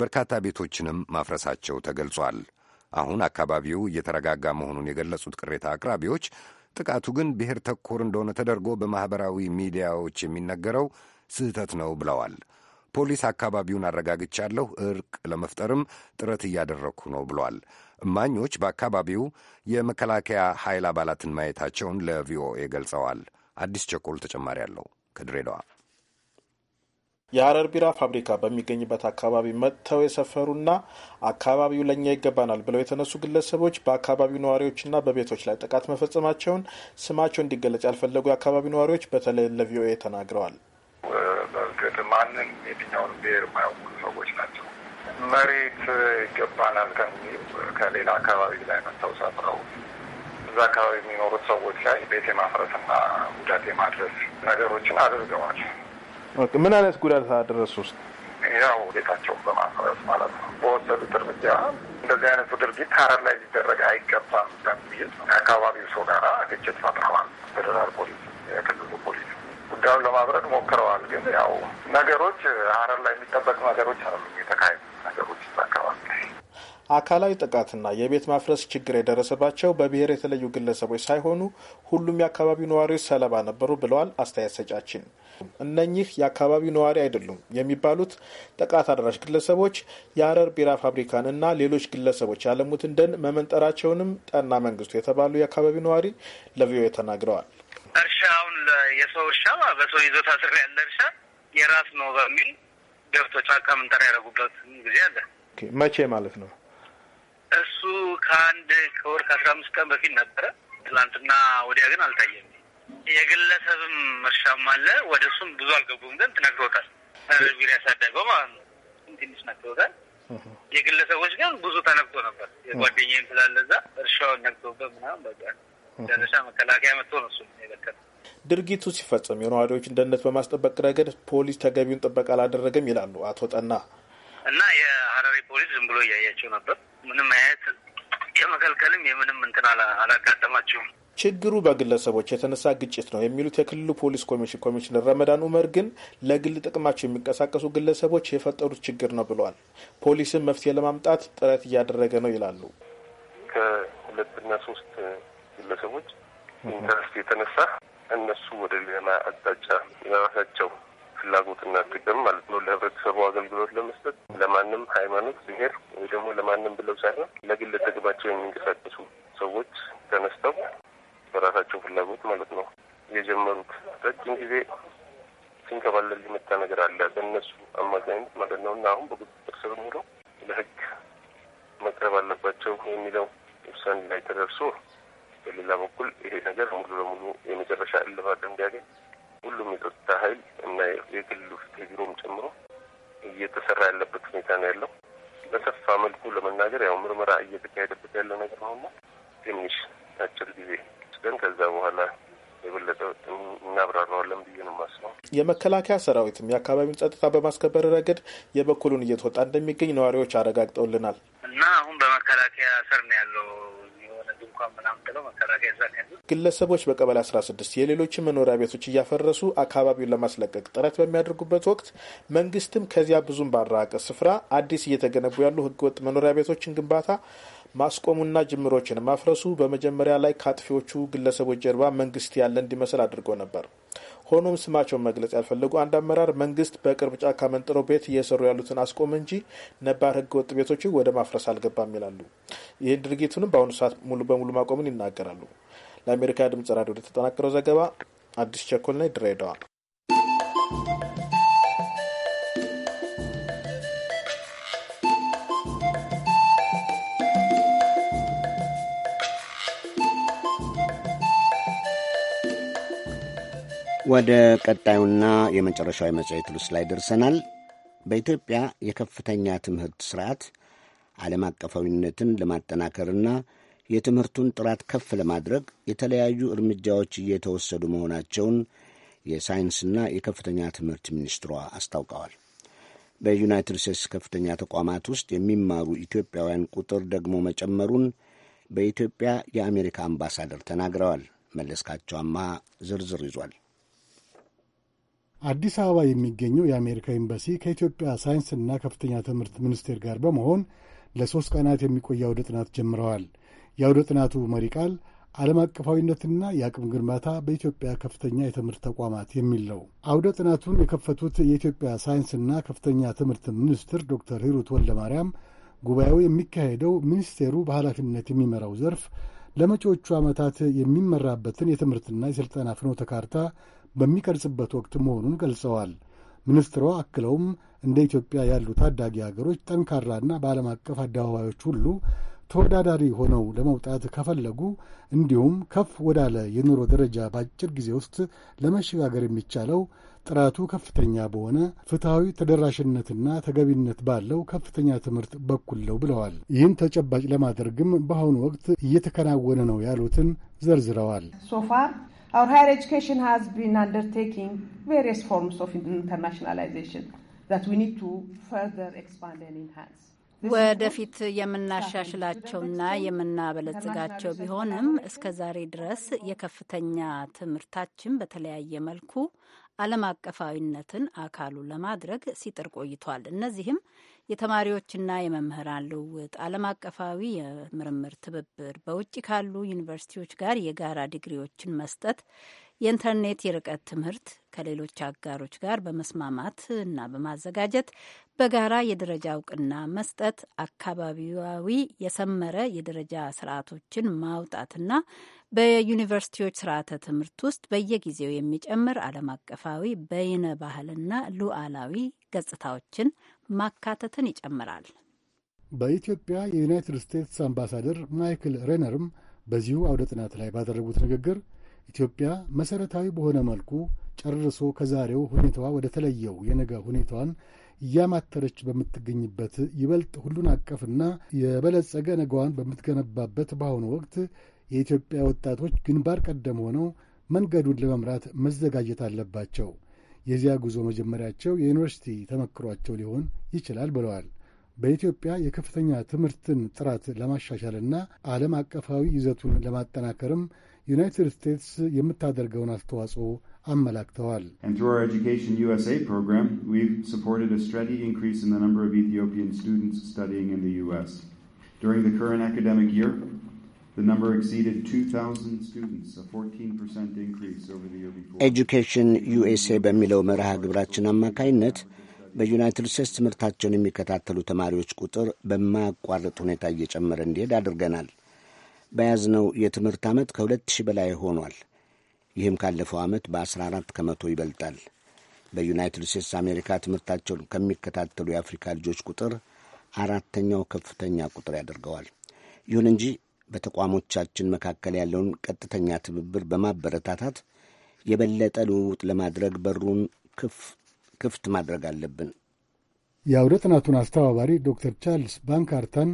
በርካታ ቤቶችንም ማፍረሳቸው ተገልጿል። አሁን አካባቢው እየተረጋጋ መሆኑን የገለጹት ቅሬታ አቅራቢዎች ጥቃቱ ግን ብሔር ተኮር እንደሆነ ተደርጎ በማኅበራዊ ሚዲያዎች የሚነገረው ስህተት ነው ብለዋል። ፖሊስ አካባቢውን አረጋግቻለሁ፣ እርቅ ለመፍጠርም ጥረት እያደረግኩ ነው ብሏል። እማኞች በአካባቢው የመከላከያ ኃይል አባላትን ማየታቸውን ለቪኦኤ ገልጸዋል። አዲስ ቸኮል ተጨማሪ አለው ከድሬዳዋ የሀረር ቢራ ፋብሪካ በሚገኝበት አካባቢ መጥተው የሰፈሩና አካባቢው ለእኛ ይገባናል ብለው የተነሱ ግለሰቦች በአካባቢው ነዋሪዎችና በቤቶች ላይ ጥቃት መፈጸማቸውን ስማቸው እንዲገለጽ ያልፈለጉ የአካባቢው ነዋሪዎች በተለይ ለቪኦኤ ተናግረዋል። ማንም የትኛውን ብሔር ማያውቁ መሬት ይገባናል ከሚል ከሌላ አካባቢ ላይ መጥተው ሰፍረው እዛ አካባቢ የሚኖሩት ሰዎች ላይ ቤት የማፍረስና ጉዳት የማድረስ ነገሮችን አድርገዋል። ምን አይነት ጉዳት አደረሱ ውስጥ ያው ቤታቸውን በማፍረስ ማለት ነው። በወሰዱት እርምጃ እንደዚህ አይነቱ ድርጊት ሀረር ላይ ሊደረግ አይገባም በሚል ከአካባቢው ሰው ጋር ግጭት ፈጥረዋል። ፌደራል ፖሊስ፣ የክልሉ ፖሊስ ጉዳዩን ለማብረድ ሞክረዋል። ግን ያው ነገሮች ሀረር ላይ የሚጠበቅ ነገሮች አሉ የተካሄዱ ነገሮች እዛ አካባቢ ላይ አካላዊ ጥቃትና የቤት ማፍረስ ችግር የደረሰባቸው በብሔር የተለዩ ግለሰቦች ሳይሆኑ ሁሉም የአካባቢው ነዋሪዎች ሰለባ ነበሩ ብለዋል አስተያየት ሰጫችን። እነኚህ የአካባቢው ነዋሪ አይደሉም የሚባሉት ጥቃት አድራሽ ግለሰቦች የአረር ቢራ ፋብሪካን እና ሌሎች ግለሰቦች ያለሙትን ደን መመንጠራቸውንም ጠና መንግስቱ የተባሉ የአካባቢው ነዋሪ ለቪኦኤ ተናግረዋል። እርሻ አሁን የሰው እርሻ በሰው ይዞታ ስር ያለ እርሻ የራስ ነው በሚል ገብቶ ጫካ ምንጠራ ያደረጉበት ጊዜ አለ። መቼ ማለት ነው? እሱ ከአንድ ከወር ከአስራ አምስት ቀን በፊት ነበረ። ትላንትና ወዲያ ግን አልታየም። የግለሰብም እርሻም አለ። ወደ እሱም ብዙ አልገቡም፣ ግን ትነግሮታል። ቢር ያሳደገው ማለት ነው። ትንሽ ነግሮታል። የግለሰቦች ግን ብዙ ተነግቶ ነበር። የጓደኛዬም ስላለ እዛ እርሻውን ነግቶበት ምናምን በቃ መጨረሻ መከላከያ መጥቶ ነው እሱ የበከነው ድርጊቱ ሲፈጸም የነዋሪዎችን ደህንነት በማስጠበቅ ረገድ ፖሊስ ተገቢውን ጥበቃ አላደረገም ይላሉ አቶ ጠና። እና የሀረሪ ፖሊስ ዝም ብሎ እያያቸው ነበር። ምንም አይነት የመከልከልም የምንም እንትን አላጋጠማቸውም። ችግሩ በግለሰቦች የተነሳ ግጭት ነው የሚሉት የክልሉ ፖሊስ ኮሚሽን ኮሚሽነር ረመዳን ኡመር ግን ለግል ጥቅማቸው የሚንቀሳቀሱ ግለሰቦች የፈጠሩት ችግር ነው ብለዋል። ፖሊስን መፍትሄ ለማምጣት ጥረት እያደረገ ነው ይላሉ። ከሁለትና ሶስት ግለሰቦች ኢንተረስት የተነሳ እነሱ ወደ ሌላ አቅጣጫ የራሳቸው ፍላጎትና ጥቅም ማለት ነው ለህብረተሰቡ አገልግሎት ለመስጠት ለማንም ሃይማኖት፣ ብሔር ወይ ደግሞ ለማንም ብለው ሳይሆን ለግል ጥቅማቸው የሚንቀሳቀሱ ሰዎች ተነስተው በራሳቸው ፍላጎት ማለት ነው የጀመሩት ረጅም ጊዜ ሲንከባለል የመጣ ነገር አለ በእነሱ አማካኝነት ማለት ነው እና አሁን በቁጥጥር ስር ውለው ለህግ መቅረብ አለባቸው የሚለው ውሳኔ ላይ ተደርሶ በሌላ በኩል ይሄ ነገር ሙሉ ለሙሉ የመጨረሻ እልባት እንዲያገኝ ሁሉም የጸጥታ ኃይል እና የግሉ ፍትህ ቢሮም ጨምሮ እየተሰራ ያለበት ሁኔታ ነው ያለው። በሰፋ መልኩ ለመናገር ያው ምርመራ እየተካሄደበት ያለው ነገር ነውና ትንሽ አጭር ጊዜ ስደን ከዛ በኋላ የበለጠ እናብራራዋለን ብዬ ነው የማስበው። የመከላከያ ሰራዊትም የአካባቢውን ጸጥታ በማስከበር ረገድ የበኩሉን እየተወጣ እንደሚገኝ ነዋሪዎች አረጋግጠውልናል። እና አሁን በመከላከያ ስር ነው ያለው ምናምን ብለው ያሉት ግለሰቦች በቀበሌ አስራ ስድስት የሌሎች መኖሪያ ቤቶች እያፈረሱ አካባቢውን ለማስለቀቅ ጥረት በሚያደርጉበት ወቅት መንግስትም ከዚያ ብዙም ባራቀ ስፍራ አዲስ እየተገነቡ ያሉ ህገወጥ መኖሪያ ቤቶችን ግንባታ ማስቆሙና ጅምሮችን ማፍረሱ በመጀመሪያ ላይ ከአጥፊዎቹ ግለሰቦች ጀርባ መንግስት ያለ እንዲመስል አድርጎ ነበር። ሆኖም ስማቸውን መግለጽ ያልፈለጉ አንድ አመራር መንግስት በቅርብ ጫካ መንጥሮ ቤት እየሰሩ ያሉትን አስቆም እንጂ ነባር ህገ ወጥ ቤቶች ወደ ማፍረስ አልገባም ይላሉ። ይህን ድርጊቱንም በአሁኑ ሰዓት ሙሉ በሙሉ ማቆምን ይናገራሉ። ለአሜሪካ ድምጽ ራዲዮ ተጠናቀረው ዘገባ አዲስ ቸኮልና ድሬዳዋ ወደ ቀጣዩና የመጨረሻዊ መጽሔት ርዕስ ላይ ደርሰናል። በኢትዮጵያ የከፍተኛ ትምህርት ስርዓት ዓለም አቀፋዊነትን ለማጠናከርና የትምህርቱን ጥራት ከፍ ለማድረግ የተለያዩ እርምጃዎች እየተወሰዱ መሆናቸውን የሳይንስና የከፍተኛ ትምህርት ሚኒስትሯ አስታውቀዋል። በዩናይትድ ስቴትስ ከፍተኛ ተቋማት ውስጥ የሚማሩ ኢትዮጵያውያን ቁጥር ደግሞ መጨመሩን በኢትዮጵያ የአሜሪካ አምባሳደር ተናግረዋል። መለስካቸው አማሃ ዝርዝር ይዟል። አዲስ አበባ የሚገኘው የአሜሪካ ኤምባሲ ከኢትዮጵያ ሳይንስና ከፍተኛ ትምህርት ሚኒስቴር ጋር በመሆን ለሦስት ቀናት የሚቆይ አውደ ጥናት ጀምረዋል። የአውደ ጥናቱ መሪ ቃል ዓለም አቀፋዊነትና የአቅም ግንባታ በኢትዮጵያ ከፍተኛ የትምህርት ተቋማት የሚል ነው። አውደ ጥናቱን የከፈቱት የኢትዮጵያ ሳይንስና ከፍተኛ ትምህርት ሚኒስትር ዶክተር ሂሩት ወልደማርያም ጉባኤው የሚካሄደው ሚኒስቴሩ በኃላፊነት የሚመራው ዘርፍ ለመጪዎቹ ዓመታት የሚመራበትን የትምህርትና የሥልጠና ፍኖተ ካርታ በሚቀርጽበት ወቅት መሆኑን ገልጸዋል። ሚኒስትሯ አክለውም እንደ ኢትዮጵያ ያሉ ታዳጊ ሀገሮች ጠንካራና በዓለም አቀፍ አደባባዮች ሁሉ ተወዳዳሪ ሆነው ለመውጣት ከፈለጉ እንዲሁም ከፍ ወዳለ የኑሮ ደረጃ በአጭር ጊዜ ውስጥ ለመሸጋገር የሚቻለው ጥራቱ ከፍተኛ በሆነ ፍትሐዊ ተደራሽነትና ተገቢነት ባለው ከፍተኛ ትምህርት በኩል ነው ብለዋል። ይህን ተጨባጭ ለማድረግም በአሁኑ ወቅት እየተከናወነ ነው ያሉትን ዘርዝረዋል። ሶፋር Our higher education has been undertaking various forms of internationalization that we need to further expand and enhance. ወደፊት የምናሻሽላቸውና የምናበለጽጋቸው ቢሆንም እስከ ዛሬ ድረስ የከፍተኛ ትምህርታችን በተለያየ መልኩ ዓለም አቀፋዊነትን አካሉ ለማድረግ ሲጥር ቆይቷል። እነዚህም የተማሪዎችና የመምህራን ልውውጥ፣ ዓለም አቀፋዊ የምርምር ትብብር፣ በውጭ ካሉ ዩኒቨርሲቲዎች ጋር የጋራ ዲግሪዎችን መስጠት፣ የኢንተርኔት የርቀት ትምህርት ከሌሎች አጋሮች ጋር በመስማማት እና በማዘጋጀት በጋራ የደረጃ እውቅና መስጠት፣ አካባቢያዊ የሰመረ የደረጃ ስርዓቶችን ማውጣትና በዩኒቨርሲቲዎች ስርዓተ ትምህርት ውስጥ በየጊዜው የሚጨምር ዓለም አቀፋዊ በይነ ባህልና ሉዓላዊ ገጽታዎችን ማካተትን ይጨምራል። በኢትዮጵያ የዩናይትድ ስቴትስ አምባሳደር ማይክል ሬነርም በዚሁ አውደ ጥናት ላይ ባደረጉት ንግግር ኢትዮጵያ መሠረታዊ በሆነ መልኩ ጨርሶ ከዛሬው ሁኔታዋ ወደ ተለየው የነገ ሁኔታዋን እያማተረች በምትገኝበት ይበልጥ ሁሉን አቀፍና የበለጸገ ነገዋን በምትገነባበት በአሁኑ ወቅት የኢትዮጵያ ወጣቶች ግንባር ቀደም ሆነው መንገዱን ለመምራት መዘጋጀት አለባቸው። የዚያ ጉዞ መጀመሪያቸው የዩኒቨርሲቲ ተመክሯቸው ሊሆን ይችላል ብለዋል። በኢትዮጵያ የከፍተኛ ትምህርትን ጥራት ለማሻሻልና ዓለም አቀፋዊ ይዘቱን ለማጠናከርም ዩናይትድ ስቴትስ የምታደርገውን አስተዋጽኦ አመላክተዋል። ኤጁኬሽን ዩኤስኤ በሚለው መርሃ ግብራችን አማካይነት በዩናይትድ ስቴትስ ትምህርታቸውን የሚከታተሉ ተማሪዎች ቁጥር በማያቋርጥ ሁኔታ እየጨመረ እንዲሄድ አድርገናል። በያዝነው የትምህርት ዓመት ከ 2000 በላይ ሆኗል። ይህም ካለፈው ዓመት በ14 ከመቶ ይበልጣል። በዩናይትድ ስቴትስ አሜሪካ ትምህርታቸውን ከሚከታተሉ የአፍሪካ ልጆች ቁጥር አራተኛው ከፍተኛ ቁጥር ያደርገዋል። ይሁን እንጂ በተቋሞቻችን መካከል ያለውን ቀጥተኛ ትብብር በማበረታታት የበለጠ ልውውጥ ለማድረግ በሩን ክፍት ማድረግ አለብን። የአውደ ጥናቱን አስተባባሪ ዶክተር ቻርልስ ባንካርታን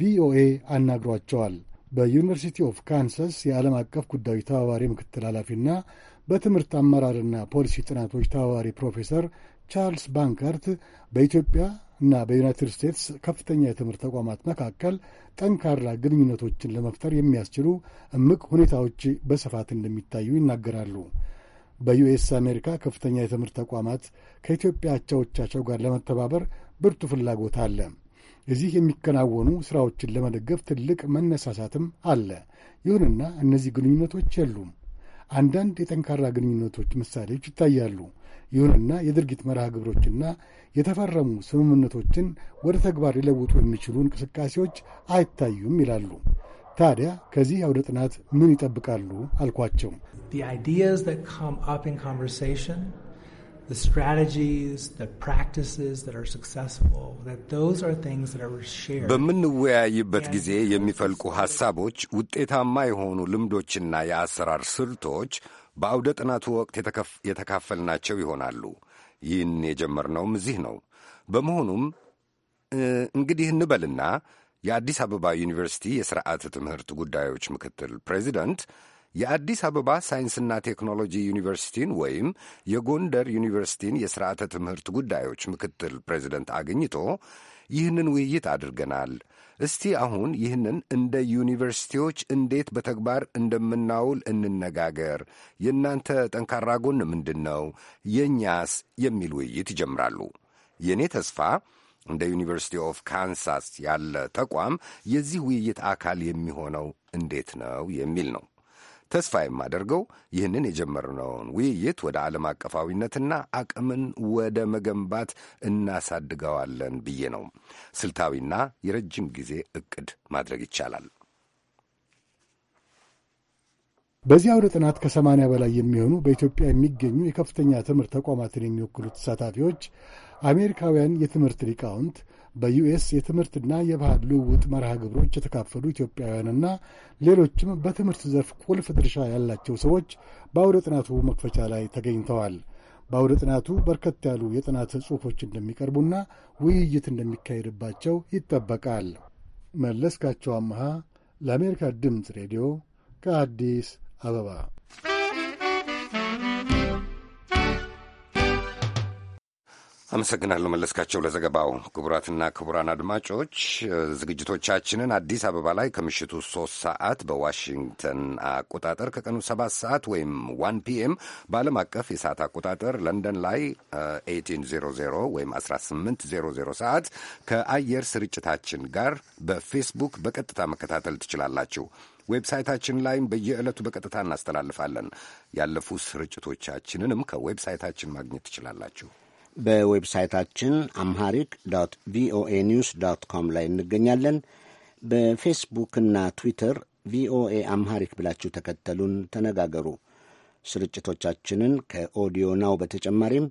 ቪኦኤ አናግሯቸዋል። በዩኒቨርሲቲ ኦፍ ካንሳስ የዓለም አቀፍ ጉዳዮች ተባባሪ ምክትል ኃላፊና በትምህርት አመራርና ፖሊሲ ጥናቶች ተባባሪ ፕሮፌሰር ቻርልስ ባንከርት በኢትዮጵያ እና በዩናይትድ ስቴትስ ከፍተኛ የትምህርት ተቋማት መካከል ጠንካራ ግንኙነቶችን ለመፍጠር የሚያስችሉ እምቅ ሁኔታዎች በስፋት እንደሚታዩ ይናገራሉ። በዩኤስ አሜሪካ ከፍተኛ የትምህርት ተቋማት ከኢትዮጵያ አቻዎቻቸው ጋር ለመተባበር ብርቱ ፍላጎት አለ። እዚህ የሚከናወኑ ሥራዎችን ለመደገፍ ትልቅ መነሳሳትም አለ። ይሁንና እነዚህ ግንኙነቶች የሉም። አንዳንድ የጠንካራ ግንኙነቶች ምሳሌዎች ይታያሉ። ይሁንና የድርጊት መርሃ ግብሮችና የተፈረሙ ስምምነቶችን ወደ ተግባር ሊለውጡ የሚችሉ እንቅስቃሴዎች አይታዩም ይላሉ። ታዲያ ከዚህ አውደ ጥናት ምን ይጠብቃሉ አልኳቸው። በምንወያይበት ጊዜ የሚፈልቁ ሐሳቦች፣ ውጤታማ የሆኑ ልምዶችና የአሰራር ስልቶች በአውደ ጥናቱ ወቅት የተካፈልናቸው ይሆናሉ። ይህን የጀመርነውም እዚህ ነው። በመሆኑም እንግዲህ እንበልና የአዲስ አበባ ዩኒቨርሲቲ የሥርዓተ ትምህርት ጉዳዮች ምክትል ፕሬዚደንት የአዲስ አበባ ሳይንስና ቴክኖሎጂ ዩኒቨርሲቲን ወይም የጎንደር ዩኒቨርሲቲን የሥርዓተ ትምህርት ጉዳዮች ምክትል ፕሬዚደንት አግኝቶ ይህንን ውይይት አድርገናል። እስቲ አሁን ይህንን እንደ ዩኒቨርሲቲዎች እንዴት በተግባር እንደምናውል እንነጋገር። የእናንተ ጠንካራ ጎን ምንድን ነው? የእኛስ? የሚል ውይይት ይጀምራሉ። የእኔ ተስፋ እንደ ዩኒቨርሲቲ ኦፍ ካንሳስ ያለ ተቋም የዚህ ውይይት አካል የሚሆነው እንዴት ነው የሚል ነው። ተስፋ የማደርገው ይህንን የጀመርነውን ውይይት ወደ ዓለም አቀፋዊነትና አቅምን ወደ መገንባት እናሳድገዋለን ብዬ ነው። ስልታዊና የረጅም ጊዜ እቅድ ማድረግ ይቻላል። በዚህ አውደ ጥናት ከሰማንያ በላይ የሚሆኑ በኢትዮጵያ የሚገኙ የከፍተኛ ትምህርት ተቋማትን የሚወክሉ ተሳታፊዎች አሜሪካውያን የትምህርት ሊቃውንት በዩኤስ የትምህርትና የባህል ልውውጥ መርሃ ግብሮች የተካፈሉ ኢትዮጵያውያንና ሌሎችም በትምህርት ዘርፍ ቁልፍ ድርሻ ያላቸው ሰዎች በአውደ ጥናቱ መክፈቻ ላይ ተገኝተዋል። በአውደ ጥናቱ በርከት ያሉ የጥናት ጽሑፎች እንደሚቀርቡና ውይይት እንደሚካሄድባቸው ይጠበቃል። መለስካቸው አምሃ ለአሜሪካ ድምፅ ሬዲዮ ከአዲስ አበባ አመሰግናለሁ መለስካቸው ለዘገባው። ክቡራትና ክቡራን አድማጮች ዝግጅቶቻችንን አዲስ አበባ ላይ ከምሽቱ ሶስት ሰዓት በዋሽንግተን አቆጣጠር ከቀኑ ሰባት ሰዓት ወይም ዋን ፒኤም በዓለም አቀፍ የሰዓት አቆጣጠር ለንደን ላይ 1800 ወይም 1800 ሰዓት ከአየር ስርጭታችን ጋር በፌስቡክ በቀጥታ መከታተል ትችላላችሁ። ዌብሳይታችን ላይም በየዕለቱ በቀጥታ እናስተላልፋለን። ያለፉ ስርጭቶቻችንንም ከዌብሳይታችን ማግኘት ትችላላችሁ። በዌብሳይታችን አምሃሪክ ዶት ቪኦኤ ኒውስ ዶት ኮም ላይ እንገኛለን። በፌስቡክና ትዊተር ቪኦኤ አምሃሪክ ብላችሁ ተከተሉን፣ ተነጋገሩ። ስርጭቶቻችንን ከኦዲዮ ናው በተጨማሪም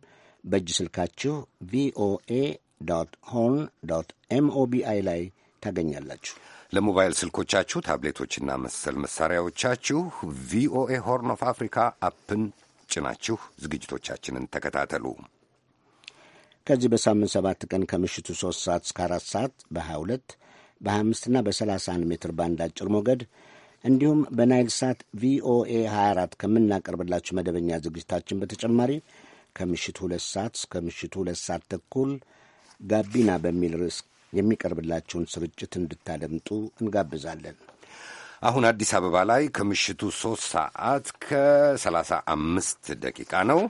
በእጅ ስልካችሁ ቪኦኤ ዶት ሆርን ዶት ኤምኦቢአይ ላይ ታገኛላችሁ። ለሞባይል ስልኮቻችሁ ታብሌቶችና መሰል መሳሪያዎቻችሁ ቪኦኤ ሆርን ኦፍ አፍሪካ አፕን ጭናችሁ ዝግጅቶቻችንን ተከታተሉ። ከዚህ በሳምንት ሰባት ቀን ከምሽቱ 3 ሰዓት እስከ 4 ሰዓት በ22 በ25ና በ31 ሜትር ባንድ አጭር ሞገድ እንዲሁም በናይል ሳት ቪኦኤ 24 ከምናቀርብላችሁ መደበኛ ዝግጅታችን በተጨማሪ ከምሽቱ 2 ሰዓት እስከ ምሽቱ 2 ሰዓት ተኩል ጋቢና በሚል ርዕስ የሚቀርብላችሁን ስርጭት እንድታደምጡ እንጋብዛለን። አሁን አዲስ አበባ ላይ ከምሽቱ 3 ሰዓት ከ35 ደቂቃ ነው።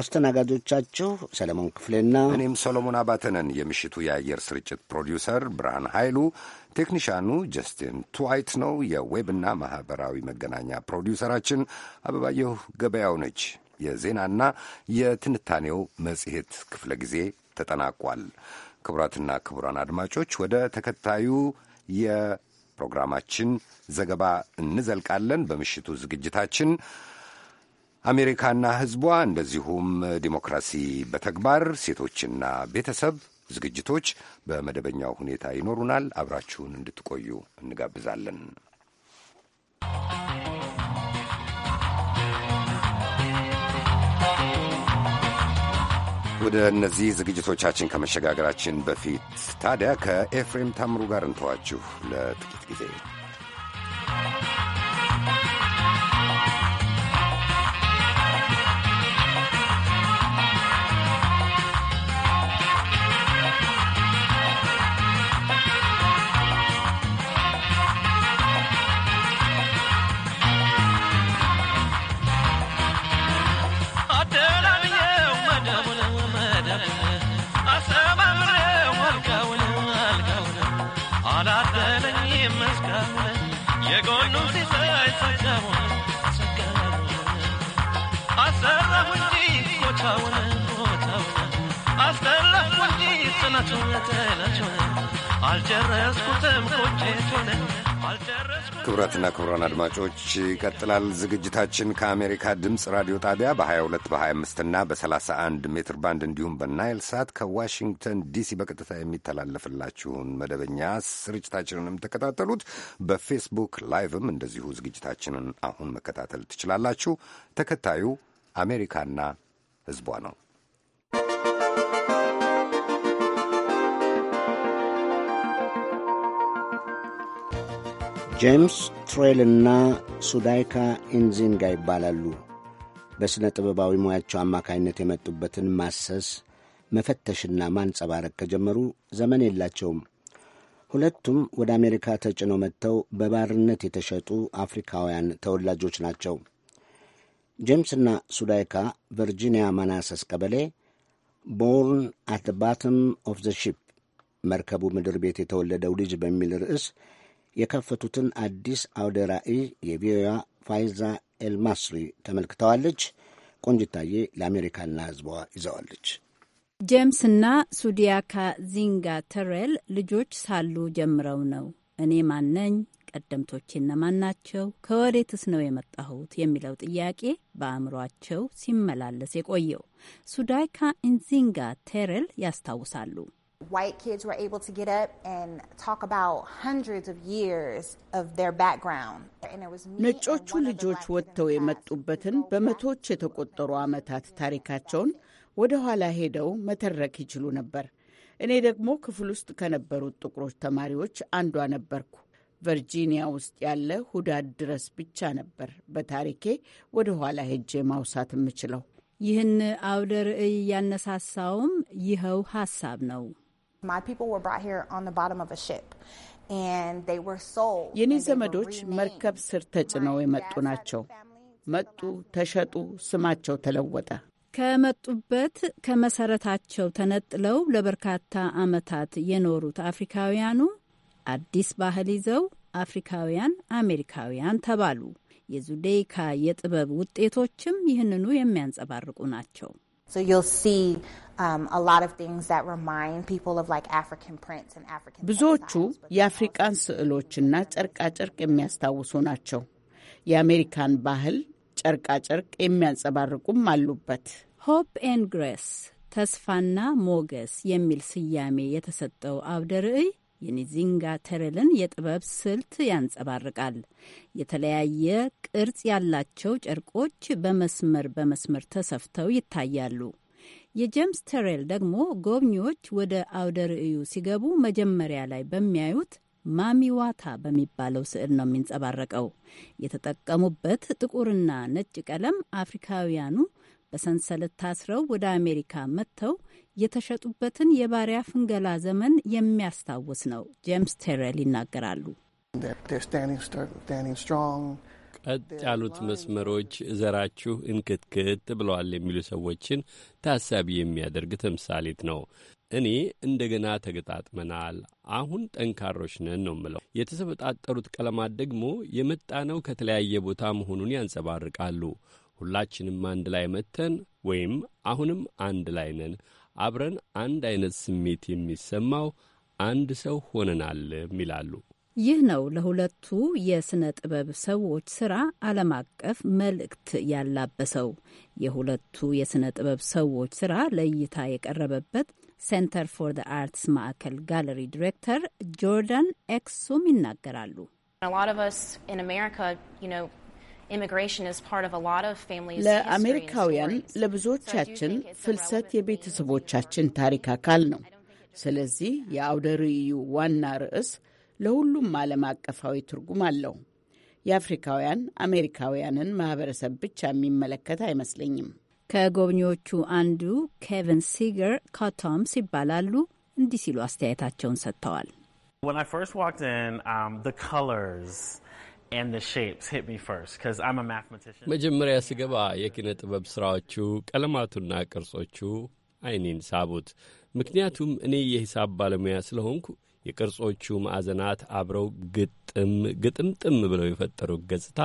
አስተናጋጆቻችሁ ሰለሞን ክፍሌና እኔም ሰሎሞን አባተነን። የምሽቱ የአየር ስርጭት ፕሮዲውሰር ብርሃን ኃይሉ፣ ቴክኒሻኑ ጀስቲን ቱዋይት ነው። የዌብና ማኅበራዊ መገናኛ ፕሮዲውሰራችን አበባየሁ ገበያው ነች። የዜናና የትንታኔው መጽሔት ክፍለ ጊዜ ተጠናቋል። ክቡራትና ክቡራን አድማጮች ወደ ተከታዩ የፕሮግራማችን ዘገባ እንዘልቃለን። በምሽቱ ዝግጅታችን አሜሪካና ሕዝቧ እንደዚሁም ዲሞክራሲ በተግባር ሴቶችና ቤተሰብ ዝግጅቶች በመደበኛው ሁኔታ ይኖሩናል። አብራችሁን እንድትቆዩ እንጋብዛለን። ወደ እነዚህ ዝግጅቶቻችን ከመሸጋገራችን በፊት ታዲያ ከኤፍሬም ታምሩ ጋር እንተዋችሁ ለጥቂት ጊዜ። ክቡራትና ክቡራን አድማጮች ይቀጥላል ዝግጅታችን ከአሜሪካ ድምፅ ራዲዮ ጣቢያ በ22 በ25 እና በ31 ሜትር ባንድ እንዲሁም በናይል ሳት ከዋሽንግተን ዲሲ በቀጥታ የሚተላለፍላችሁን መደበኛ ስርጭታችንን የምትከታተሉት በፌስቡክ ላይቭም እንደዚሁ ዝግጅታችንን አሁን መከታተል ትችላላችሁ። ተከታዩ አሜሪካና ሕዝቧ ነው። ጄምስ እና ሱዳይካ ኢንዚንጋ ይባላሉ። በሥነ ጥበባዊ ሙያቸው አማካይነት የመጡበትን ማሰስ መፈተሽና ማንጸባረቅ ከጀመሩ ዘመን የላቸውም። ሁለቱም ወደ አሜሪካ ተጭነው መጥተው በባርነት የተሸጡ አፍሪካውያን ተወላጆች ናቸው። ጄምስና ሱዳይካ ቨርጂኒያ ማናሰስ ቀበሌ ቦርን አት ባተም ኦፍ ዘ ሺፕ መርከቡ ምድር ቤት የተወለደው ልጅ በሚል ርዕስ የከፈቱትን አዲስ አውደ ራዕይ የቪዮያ ፋይዛ ኤልማስሪ ተመልክተዋለች። ቆንጅታዬ ለአሜሪካና ህዝቧ ይዘዋለች። ጄምስና ሱዲያካ ዚንጋ ተሬል ልጆች ሳሉ ጀምረው ነው እኔ ማነኝ ቀደምቶቼ እነማን ናቸው? ከወዴትስ ነው የመጣሁት? የሚለው ጥያቄ በአእምሯቸው ሲመላለስ የቆየው ሱዳይካ ኢንዚንጋ ቴረል ያስታውሳሉ። White kids were able to get up and talk about hundreds of years of their background. ነጮቹ ልጆች ወጥተው የመጡበትን በመቶዎች የተቆጠሩ ዓመታት ታሪካቸውን ወደ ኋላ ሄደው መተረክ ይችሉ ነበር። እኔ ደግሞ ክፍል ውስጥ ከነበሩት ጥቁሮች ተማሪዎች አንዷ ነበርኩ። ቨርጂኒያ ውስጥ ያለ ሁዳድ ድረስ ብቻ ነበር በታሪኬ ወደ ኋላ ሄጄ ማውሳት የምችለው። ይህን አውደ ርዕይ ያነሳሳውም ይኸው ሀሳብ ነው። የኔ ዘመዶች መርከብ ስር ተጭነው የመጡ ናቸው። መጡ፣ ተሸጡ፣ ስማቸው ተለወጠ። ከመጡበት ከመሰረታቸው ተነጥለው ለበርካታ ዓመታት የኖሩት አፍሪካውያኑ አዲስ ባህል ይዘው አፍሪካውያን አሜሪካውያን ተባሉ። የዙዴይካ የጥበብ ውጤቶችም ይህንኑ የሚያንጸባርቁ ናቸው። So you'll see ብዙዎቹ የአፍሪቃን ስዕሎችና ጨርቃጨርቅ የሚያስታውሱ ናቸው። የአሜሪካን ባህል ጨርቃጨርቅ የሚያንጸባርቁም አሉበት። ሆፕ ኤን ግሬስ ተስፋና ሞገስ የሚል ስያሜ የተሰጠው አውደ ርዕይ የኒዚንጋ ተረልን የጥበብ ስልት ያንጸባርቃል። የተለያየ ቅርጽ ያላቸው ጨርቆች በመስመር በመስመር ተሰፍተው ይታያሉ። የጄምስ ተሬል ደግሞ ጎብኚዎች ወደ አውደ ርዕዩ ሲገቡ መጀመሪያ ላይ በሚያዩት ማሚዋታ በሚባለው ስዕል ነው የሚንጸባረቀው። የተጠቀሙበት ጥቁርና ነጭ ቀለም አፍሪካውያኑ በሰንሰለት ታስረው ወደ አሜሪካ መጥተው የተሸጡበትን የባሪያ ፍንገላ ዘመን የሚያስታውስ ነው። ጄምስ ቴረል ይናገራሉ። ቀጥ ያሉት መስመሮች ዘራችሁ እንክትክት ብለዋል የሚሉ ሰዎችን ታሳቢ የሚያደርግ ተምሳሌት ነው። እኔ እንደገና ተገጣጥመናል፣ አሁን ጠንካሮች ነን ነው ምለው። የተሰበጣጠሩት ቀለማት ደግሞ የመጣነው ከተለያየ ቦታ መሆኑን ያንጸባርቃሉ። ሁላችንም አንድ ላይ መጥተን ወይም አሁንም አንድ ላይ ነን፣ አብረን አንድ አይነት ስሜት የሚሰማው አንድ ሰው ሆነናል ይላሉ። ይህ ነው ለሁለቱ የሥነ ጥበብ ሰዎች ሥራ ዓለም አቀፍ መልእክት ያላበሰው። የሁለቱ የሥነ ጥበብ ሰዎች ሥራ ለእይታ የቀረበበት ሴንተር ፎር ዘ አርትስ ማዕከል ጋለሪ ዲሬክተር ጆርዳን ኤክሱም ይናገራሉ። ለአሜሪካውያን ለብዙዎቻችን ፍልሰት የቤተሰቦቻችን ታሪክ አካል ነው። ስለዚህ የአውደ ርዕዩ ዋና ርዕስ ለሁሉም ዓለም አቀፋዊ ትርጉም አለው። የአፍሪካውያን አሜሪካውያንን ማህበረሰብ ብቻ የሚመለከት አይመስለኝም። ከጎብኚዎቹ አንዱ ኬቨን ሲገር ኮቶምስ ይባላሉ። እንዲህ ሲሉ አስተያየታቸውን ሰጥተዋል። መጀመሪያ ስገባ የኪነ ጥበብ ሥራዎቹ ቀለማቱና ቅርጾቹ አይኔን ሳቡት። ምክንያቱም እኔ የሂሳብ ባለሙያ ስለሆንኩ የቅርጾቹ ማዕዘናት አብረው ግጥም ግጥምጥም ብለው የፈጠሩት ገጽታ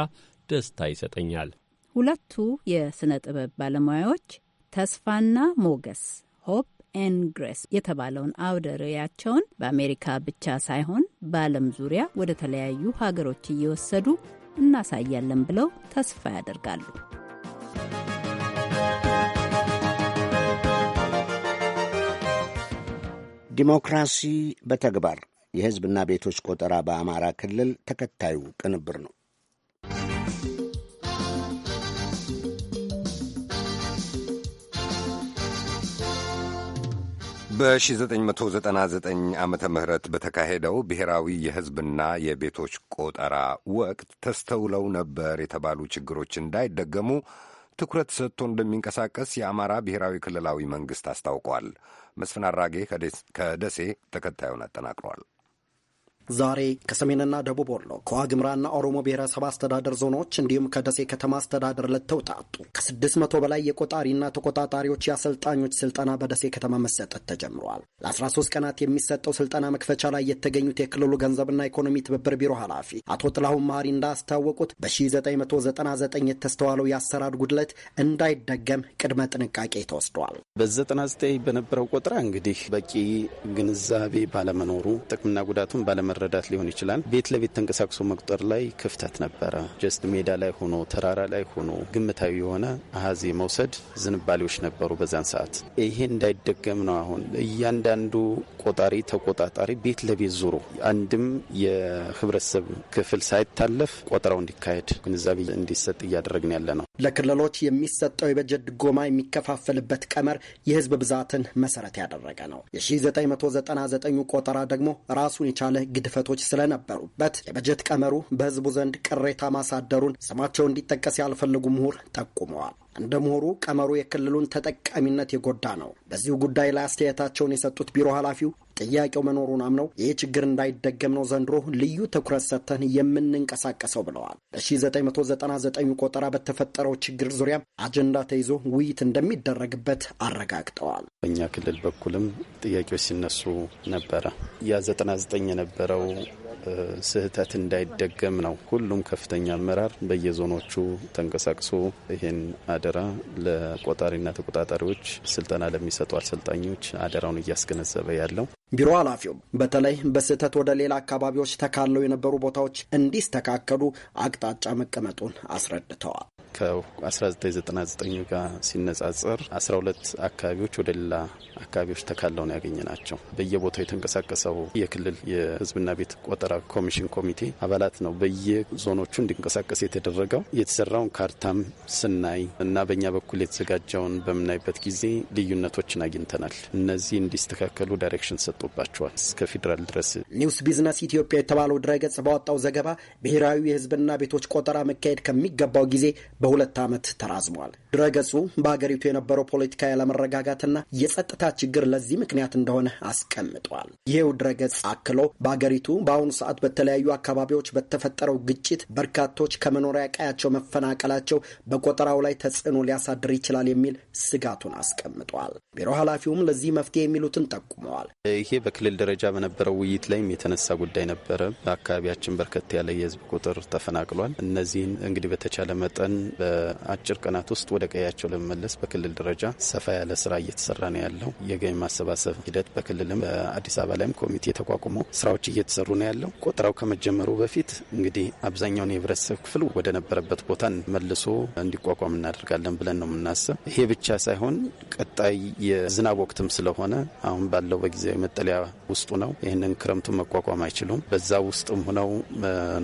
ደስታ ይሰጠኛል። ሁለቱ የሥነ ጥበብ ባለሙያዎች ተስፋና ሞገስ ሆፕ ኤንግሬስ የተባለውን አውደ ርዕያቸውን በአሜሪካ ብቻ ሳይሆን በዓለም ዙሪያ ወደ ተለያዩ ሀገሮች እየወሰዱ እናሳያለን ብለው ተስፋ ያደርጋሉ። ዲሞክራሲ በተግባር የሕዝብና ቤቶች ቆጠራ በአማራ ክልል ተከታዩ ቅንብር ነው። በ1999 ዓመተ ምህረት በተካሄደው ብሔራዊ የሕዝብና የቤቶች ቆጠራ ወቅት ተስተውለው ነበር የተባሉ ችግሮች እንዳይደገሙ ትኩረት ሰጥቶ እንደሚንቀሳቀስ የአማራ ብሔራዊ ክልላዊ መንግሥት አስታውቋል። መስፍን አራጌ ከደሴ ተከታዩን አጠናቅሯል። ዛሬ ከሰሜንና ደቡብ ወሎ ከዋግምራና ኦሮሞ ብሔረሰብ አስተዳደር ዞኖች እንዲሁም ከደሴ ከተማ አስተዳደር ለተውጣጡ ከ መቶ በላይ የቆጣሪና ተቆጣጣሪዎች የአሰልጣኞች ስልጠና በደሴ ከተማ መሰጠት ተጀምሯል። ለ13 ቀናት የሚሰጠው ስልጠና መክፈቻ ላይ የተገኙት የክልሉ ገንዘብና ኢኮኖሚ ትብብር ቢሮ ኃላፊ አቶ ጥላሁን መሀሪ እንዳስታወቁት በ1999 የተስተዋለው የአሰራር ጉድለት እንዳይደገም ቅድመ ጥንቃቄ ተወስዷል። በ99 በነበረው ቆጥራ እንግዲህ በቂ ግንዛቤ ባለመኖሩ ጥቅምና ጉዳቱን ባለመ መረዳት ሊሆን ይችላል። ቤት ለቤት ተንቀሳቅሶ መቁጠር ላይ ክፍተት ነበረ። ጀስት ሜዳ ላይ ሆኖ ተራራ ላይ ሆኖ ግምታዊ የሆነ አሀዜ መውሰድ ዝንባሌዎች ነበሩ በዛን ሰዓት። ይሄ እንዳይደገም ነው አሁን እያንዳንዱ ቆጣሪ ተቆጣጣሪ ቤት ለቤት ዙሮ አንድም የህብረተሰብ ክፍል ሳይታለፍ ቆጠራው እንዲካሄድ ግንዛቤ እንዲሰጥ እያደረግን ያለ ነው። ለክልሎች የሚሰጠው የበጀት ድጎማ የሚከፋፈልበት ቀመር የህዝብ ብዛትን መሰረት ያደረገ ነው። የ1999 ቆጠራ ደግሞ ራሱን የቻለ ግድፈቶች ስለነበሩበት የበጀት ቀመሩ በህዝቡ ዘንድ ቅሬታ ማሳደሩን ስማቸው እንዲጠቀስ ያልፈልጉ ምሁር ጠቁመዋል። እንደ ምሁሩ ቀመሩ የክልሉን ተጠቃሚነት የጎዳ ነው። በዚሁ ጉዳይ ላይ አስተያየታቸውን የሰጡት ቢሮ ኃላፊው ጥያቄው መኖሩን አምነው ይህ ችግር እንዳይደገም ነው ዘንድሮ ልዩ ትኩረት ሰጥተን የምንንቀሳቀሰው ብለዋል። በ1999 ቆጠራ በተፈጠረው ችግር ዙሪያ አጀንዳ ተይዞ ውይይት እንደሚደረግበት አረጋግጠዋል። በእኛ ክልል በኩልም ጥያቄዎች ሲነሱ ነበረ ያ 99 የነበረው ስህተት እንዳይደገም ነው ሁሉም ከፍተኛ አመራር በየዞኖቹ ተንቀሳቅሶ ይህን አደራ ለቆጣሪና ተቆጣጣሪዎች ስልጠና ለሚሰጡ አሰልጣኞች አደራውን እያስገነዘበ ያለው ቢሮ ኃላፊውም በተለይ በስህተት ወደ ሌላ አካባቢዎች ተካለው የነበሩ ቦታዎች እንዲስተካከሉ አቅጣጫ መቀመጡን አስረድተዋል። ከ1999 ጋር ሲነጻጸር 12 አካባቢዎች ወደ ሌላ አካባቢዎች ተካለው ነው ያገኘ ናቸው። በየቦታው የተንቀሳቀሰው የክልል የህዝብና ቤት ቆጠራ ኮሚሽን ኮሚቴ አባላት ነው በየዞኖቹ እንዲንቀሳቀስ የተደረገው። የተሰራውን ካርታም ስናይ እና በእኛ በኩል የተዘጋጀውን በምናይበት ጊዜ ልዩነቶችን አግኝተናል። እነዚህ እንዲስተካከሉ ዳይሬክሽን ሰጡባቸዋል እስከ ፌዴራል ድረስ። ኒውስ ቢዝነስ ኢትዮጵያ የተባለው ድረገጽ ባወጣው ዘገባ ብሔራዊ የህዝብና ቤቶች ቆጠራ መካሄድ ከሚገባው ጊዜ በሁለት ዓመት ተራዝሟል። ድረገጹ በአገሪቱ የነበረው ፖለቲካ ያለመረጋጋትና የጸጥታ ችግር ለዚህ ምክንያት እንደሆነ አስቀምጧል። ይህው ድረገጽ አክሎ በአገሪቱ በአሁኑ ሰዓት በተለያዩ አካባቢዎች በተፈጠረው ግጭት በርካቶች ከመኖሪያ ቀያቸው መፈናቀላቸው በቆጠራው ላይ ተጽዕኖ ሊያሳድር ይችላል የሚል ስጋቱን አስቀምጧል። ቢሮ ኃላፊውም ለዚህ መፍትሄ የሚሉትን ጠቁመዋል። ይሄ በክልል ደረጃ በነበረው ውይይት ላይም የተነሳ ጉዳይ ነበረ። በአካባቢያችን በርከት ያለ የህዝብ ቁጥር ተፈናቅሏል። እነዚህን እንግዲህ በተቻለ መጠን በአጭር ቀናት ውስጥ ወደ ቀያቸው ለመመለስ በክልል ደረጃ ሰፋ ያለ ስራ እየተሰራ ነው ያለው። የገቢ ማሰባሰብ ሂደት በክልልም በአዲስ አበባ ላይም ኮሚቴ ተቋቁሞ ስራዎች እየተሰሩ ነው ያለው። ቆጠራው ከመጀመሩ በፊት እንግዲህ አብዛኛውን የህብረተሰብ ክፍል ወደ ነበረበት ቦታ መልሶ እንዲቋቋም እናደርጋለን ብለን ነው የምናስብ። ይሄ ብቻ ሳይሆን ቀጣይ የዝናብ ወቅትም ስለሆነ አሁን ባለው በጊዜያዊ መጠለያ ውስጡ ነው። ይህንን ክረምቱን መቋቋም አይችሉም። በዛ ውስጥም ሆነው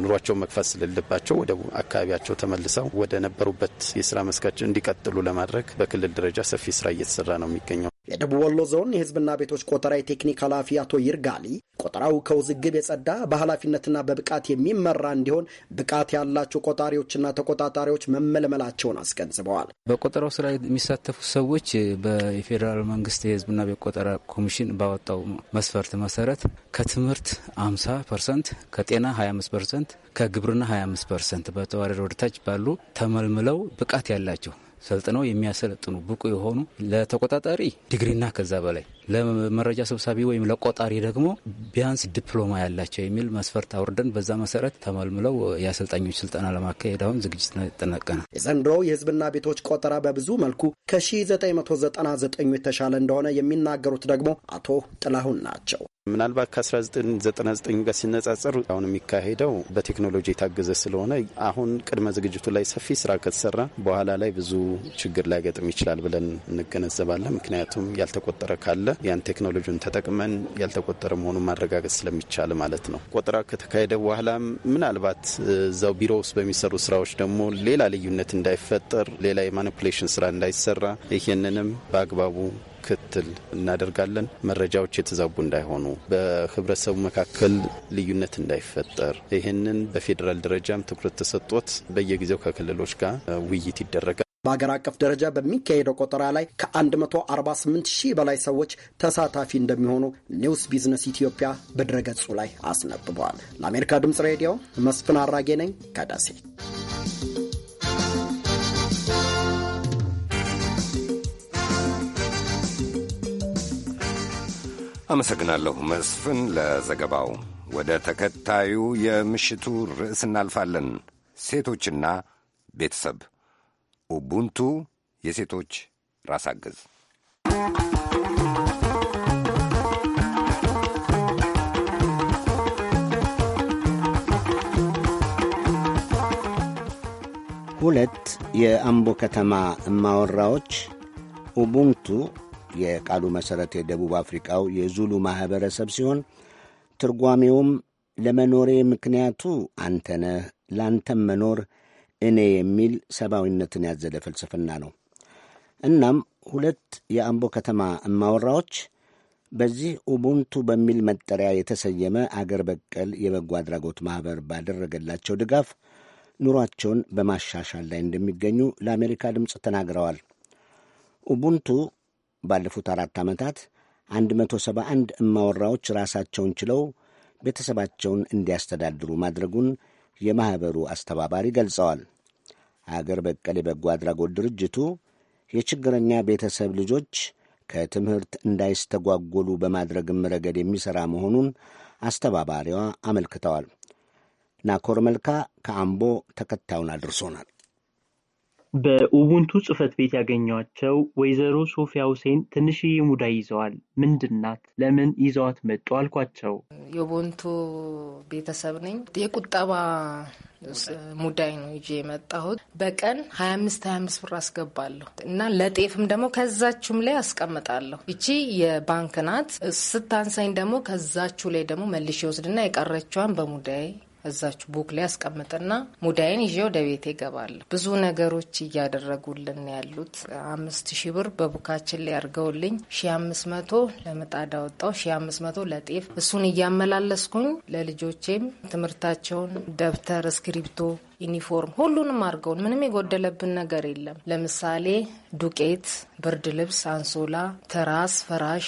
ኑሯቸው መግፋት ስለሌለባቸው ወደ አካባቢያቸው ተመልሰው ወደ በነበሩበት የስራ መስካቸው እንዲቀጥሉ ለማድረግ በክልል ደረጃ ሰፊ ስራ እየተሰራ ነው የሚገኘው። የደቡብ ወሎ ዞን የህዝብና ቤቶች ቆጠራ የቴክኒክ ኃላፊ አቶ ይርጋሊ ቆጠራው ከውዝግብ የጸዳ በኃላፊነትና በብቃት የሚመራ እንዲሆን ብቃት ያላቸው ቆጣሪዎችና ተቆጣጣሪዎች መመልመላቸውን አስገንዝበዋል። በቆጠራው ስራ የሚሳተፉ ሰዎች በፌዴራል መንግስት የህዝብና ቤት ቆጠራ ኮሚሽን ባወጣው መስፈርት መሰረት ከትምህርት 50 ፐርሰንት፣ ከጤና 25 ፐርሰንት፣ ከግብርና 25 ፐርሰንት በተዋረድ ወደታች ባሉ ተመልምለው ብቃት ያላቸው ሰልጥነው የሚያሰለጥኑ ብቁ የሆኑ ለተቆጣጣሪ ዲግሪና ከዛ በላይ ለመረጃ ሰብሳቢ ወይም ለቆጣሪ ደግሞ ቢያንስ ዲፕሎማ ያላቸው የሚል መስፈርት አውርደን በዛ መሰረት ተመልምለው የአሰልጣኞች ስልጠና ለማካሄድ አሁን ዝግጅት ይጠናቀናል። የዘንድሮው የህዝብና ቤቶች ቆጠራ በብዙ መልኩ ከ1999 የተሻለ እንደሆነ የሚናገሩት ደግሞ አቶ ጥላሁን ናቸው። ምናልባት ከ1999 ጋር ሲነጻጸር አሁን የሚካሄደው በቴክኖሎጂ የታገዘ ስለሆነ አሁን ቅድመ ዝግጅቱ ላይ ሰፊ ስራ ከተሰራ በኋላ ላይ ብዙ ችግር ላይገጥም ይችላል ብለን እንገነዘባለን። ምክንያቱም ያልተቆጠረ ካለ ያን ቴክኖሎጂን ተጠቅመን ያልተቆጠረ መሆኑን ማረጋገጥ ስለሚቻል ማለት ነው። ቆጠራ ከተካሄደ በኋላም ምናልባት እዛው ቢሮ ውስጥ በሚሰሩ ስራዎች ደግሞ ሌላ ልዩነት እንዳይፈጠር፣ ሌላ የማኒፕሌሽን ስራ እንዳይሰራ ይህንንም በአግባቡ ክትል እናደርጋለን። መረጃዎች የተዛቡ እንዳይሆኑ፣ በህብረተሰቡ መካከል ልዩነት እንዳይፈጠር ይህንን በፌዴራል ደረጃም ትኩረት ተሰጥቶት በየጊዜው ከክልሎች ጋር ውይይት ይደረጋል። በሀገር አቀፍ ደረጃ በሚካሄደው ቆጠራ ላይ ከ148 ሺህ በላይ ሰዎች ተሳታፊ እንደሚሆኑ ኒውስ ቢዝነስ ኢትዮጵያ በድረገጹ ላይ አስነብበዋል። ለአሜሪካ ድምፅ ሬዲዮ መስፍን አራጌ ነኝ ከደሴ። አመሰግናለሁ መስፍን ለዘገባው። ወደ ተከታዩ የምሽቱ ርዕስ እናልፋለን። ሴቶችና ቤተሰብ ኡቡንቱ የሴቶች ራስ አገዝ ሁለት የአምቦ ከተማ እማወራዎች ኡቡንቱ የቃሉ መሠረት የደቡብ አፍሪቃው የዙሉ ማኅበረሰብ ሲሆን ትርጓሜውም ለመኖሬ ምክንያቱ አንተነህ ላንተም መኖር እኔ የሚል ሰብአዊነትን ያዘለ ፍልስፍና ነው። እናም ሁለት የአምቦ ከተማ እማወራዎች በዚህ ኡቡንቱ በሚል መጠሪያ የተሰየመ አገር በቀል የበጎ አድራጎት ማኅበር ባደረገላቸው ድጋፍ ኑሯቸውን በማሻሻል ላይ እንደሚገኙ ለአሜሪካ ድምፅ ተናግረዋል። ኡቡንቱ ባለፉት አራት ዓመታት 171 እማወራዎች ራሳቸውን ችለው ቤተሰባቸውን እንዲያስተዳድሩ ማድረጉን የማኅበሩ አስተባባሪ ገልጸዋል። አገር በቀል የበጎ አድራጎት ድርጅቱ የችግረኛ ቤተሰብ ልጆች ከትምህርት እንዳይስተጓጎሉ በማድረግም ረገድ የሚሠራ መሆኑን አስተባባሪዋ አመልክተዋል። ናኮር መልካ ከአምቦ ተከታዩን አድርሶናል። በኡቡንቱ ጽሕፈት ቤት ያገኟቸው ወይዘሮ ሶፊያ ሁሴን ትንሽዬ ሙዳይ ይዘዋል። ምንድናት? ለምን ይዘዋት መጡ? አልኳቸው። የኡቡንቱ ቤተሰብ ነኝ። የቁጠባ ሙዳይ ነው ይዤ የመጣሁት። በቀን ሀያ አምስት ሀያ አምስት ብር አስገባለሁ እና ለጤፍም ደግሞ ከዛችሁም ላይ አስቀምጣለሁ። ይቺ የባንክ ናት። ስታንሳኝ ደግሞ ከዛችሁ ላይ ደግሞ መልሼ ወስድና የቀረችዋን በሙዳይ እዛችሁ ቡክ ላይ ያስቀምጥና ሙዳይን ይዤ ወደ ቤት ይገባል። ብዙ ነገሮች እያደረጉልን ያሉት አምስት ሺ ብር በቡካችን ላይ ያርገውልኝ ሺ አምስት መቶ ለምጣድ አወጣው ሺ አምስት መቶ ለጤፍ እሱን እያመላለስኩኝ ለልጆቼም ትምህርታቸውን ደብተር፣ እስክሪብቶ፣ ዩኒፎርም ሁሉንም አድርገውን ምንም የጎደለብን ነገር የለም። ለምሳሌ ዱቄት፣ ብርድ ልብስ፣ አንሶላ፣ ትራስ፣ ፍራሽ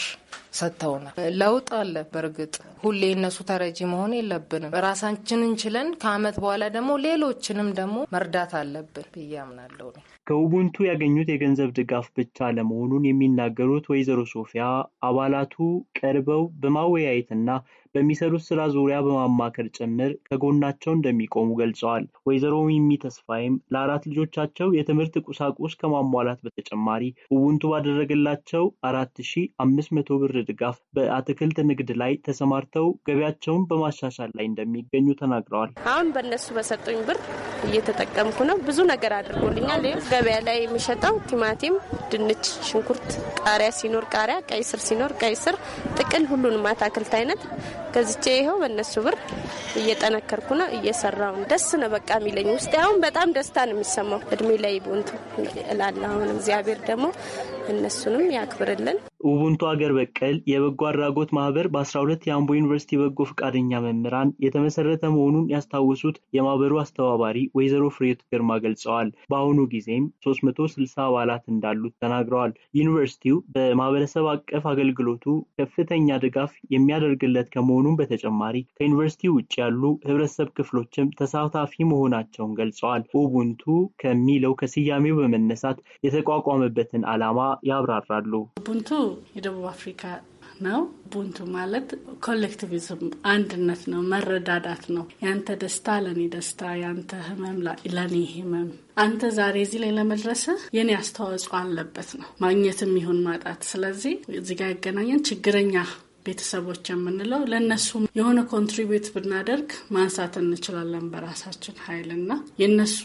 ሰጥተውናል። ለውጥ አለ። በእርግጥ ሁሌ እነሱ ተረጂ መሆን የለብንም። ራሳችንን ችለን ከአመት በኋላ ደግሞ ሌሎችንም ደግሞ መርዳት አለብን ብዬ አምናለሁ። ከኡቡንቱ ያገኙት የገንዘብ ድጋፍ ብቻ ለመሆኑን የሚናገሩት ወይዘሮ ሶፊያ አባላቱ ቀርበው በማወያየትና በሚሰሩት ስራ ዙሪያ በማማከር ጭምር ከጎናቸው እንደሚቆሙ ገልጸዋል። ወይዘሮ ሚሚ ተስፋዬም ለአራት ልጆቻቸው የትምህርት ቁሳቁስ ከማሟላት በተጨማሪ ውንቱ ባደረገላቸው አራት ሺ አምስት መቶ ብር ድጋፍ በአትክልት ንግድ ላይ ተሰማርተው ገበያቸውን በማሻሻል ላይ እንደሚገኙ ተናግረዋል። አሁን በእነሱ በሰጡኝ ብር እየተጠቀምኩ ነው። ብዙ ነገር አድርጎልኛል። ገበያ ላይ የሚሸጠው ቲማቲም፣ ድንች፣ ሽንኩርት፣ ቃሪያ ሲኖር ቃሪያ፣ ቀይ ስር ሲኖር ቀይ ስር፣ ጥቅል ሁሉንም አታክልት አይነት ገዝቼ ይኸው በእነሱ ብር እየጠነከርኩ ነው፣ እየሰራው ደስ ነው በቃ የሚለኝ ውስጥ አሁን በጣም ደስታ ነው የሚሰማው። እድሜ ላይ ቦንቱ ላለ አሁን እግዚአብሔር ደግሞ እነሱንም ያክብርልን። ውቡንቱ ሀገር በቀል የበጎ አድራጎት ማህበር በ12 የአምቦ ዩኒቨርሲቲ በጎ ፈቃደኛ መምህራን የተመሰረተ መሆኑን ያስታወሱት የማህበሩ አስተባባሪ ወይዘሮ ፍሬቱ ግርማ ገልጸዋል። በአሁኑ ጊዜም 360 አባላት እንዳሉት ተናግረዋል። ዩኒቨርሲቲው በማህበረሰብ አቀፍ አገልግሎቱ ከፍተኛ ድጋፍ የሚያደርግለት ከመሆኑም በተጨማሪ ከዩኒቨርሲቲ ውጭ ያሉ ህብረተሰብ ክፍሎችም ተሳታፊ መሆናቸውን ገልጸዋል። ኡቡንቱ ከሚለው ከስያሜው በመነሳት የተቋቋመበትን ዓላማ ያብራራሉ። ቡንቱ የደቡብ አፍሪካ ነው። ቡንቱ ማለት ኮሌክቲቪዝም አንድነት ነው፣ መረዳዳት ነው። ያንተ ደስታ ለኔ ደስታ፣ ያንተ ህመም ለኔ ህመም፣ አንተ ዛሬ እዚህ ላይ ለመድረስ የኔ አስተዋጽኦ አለበት ነው፣ ማግኘትም ይሁን ማጣት። ስለዚህ እዚህ ጋር ያገናኘን ችግረኛ ቤተሰቦች የምንለው ለእነሱ የሆነ ኮንትሪቢዩት ብናደርግ ማንሳት እንችላለን በራሳችን ኃይልና የእነሱ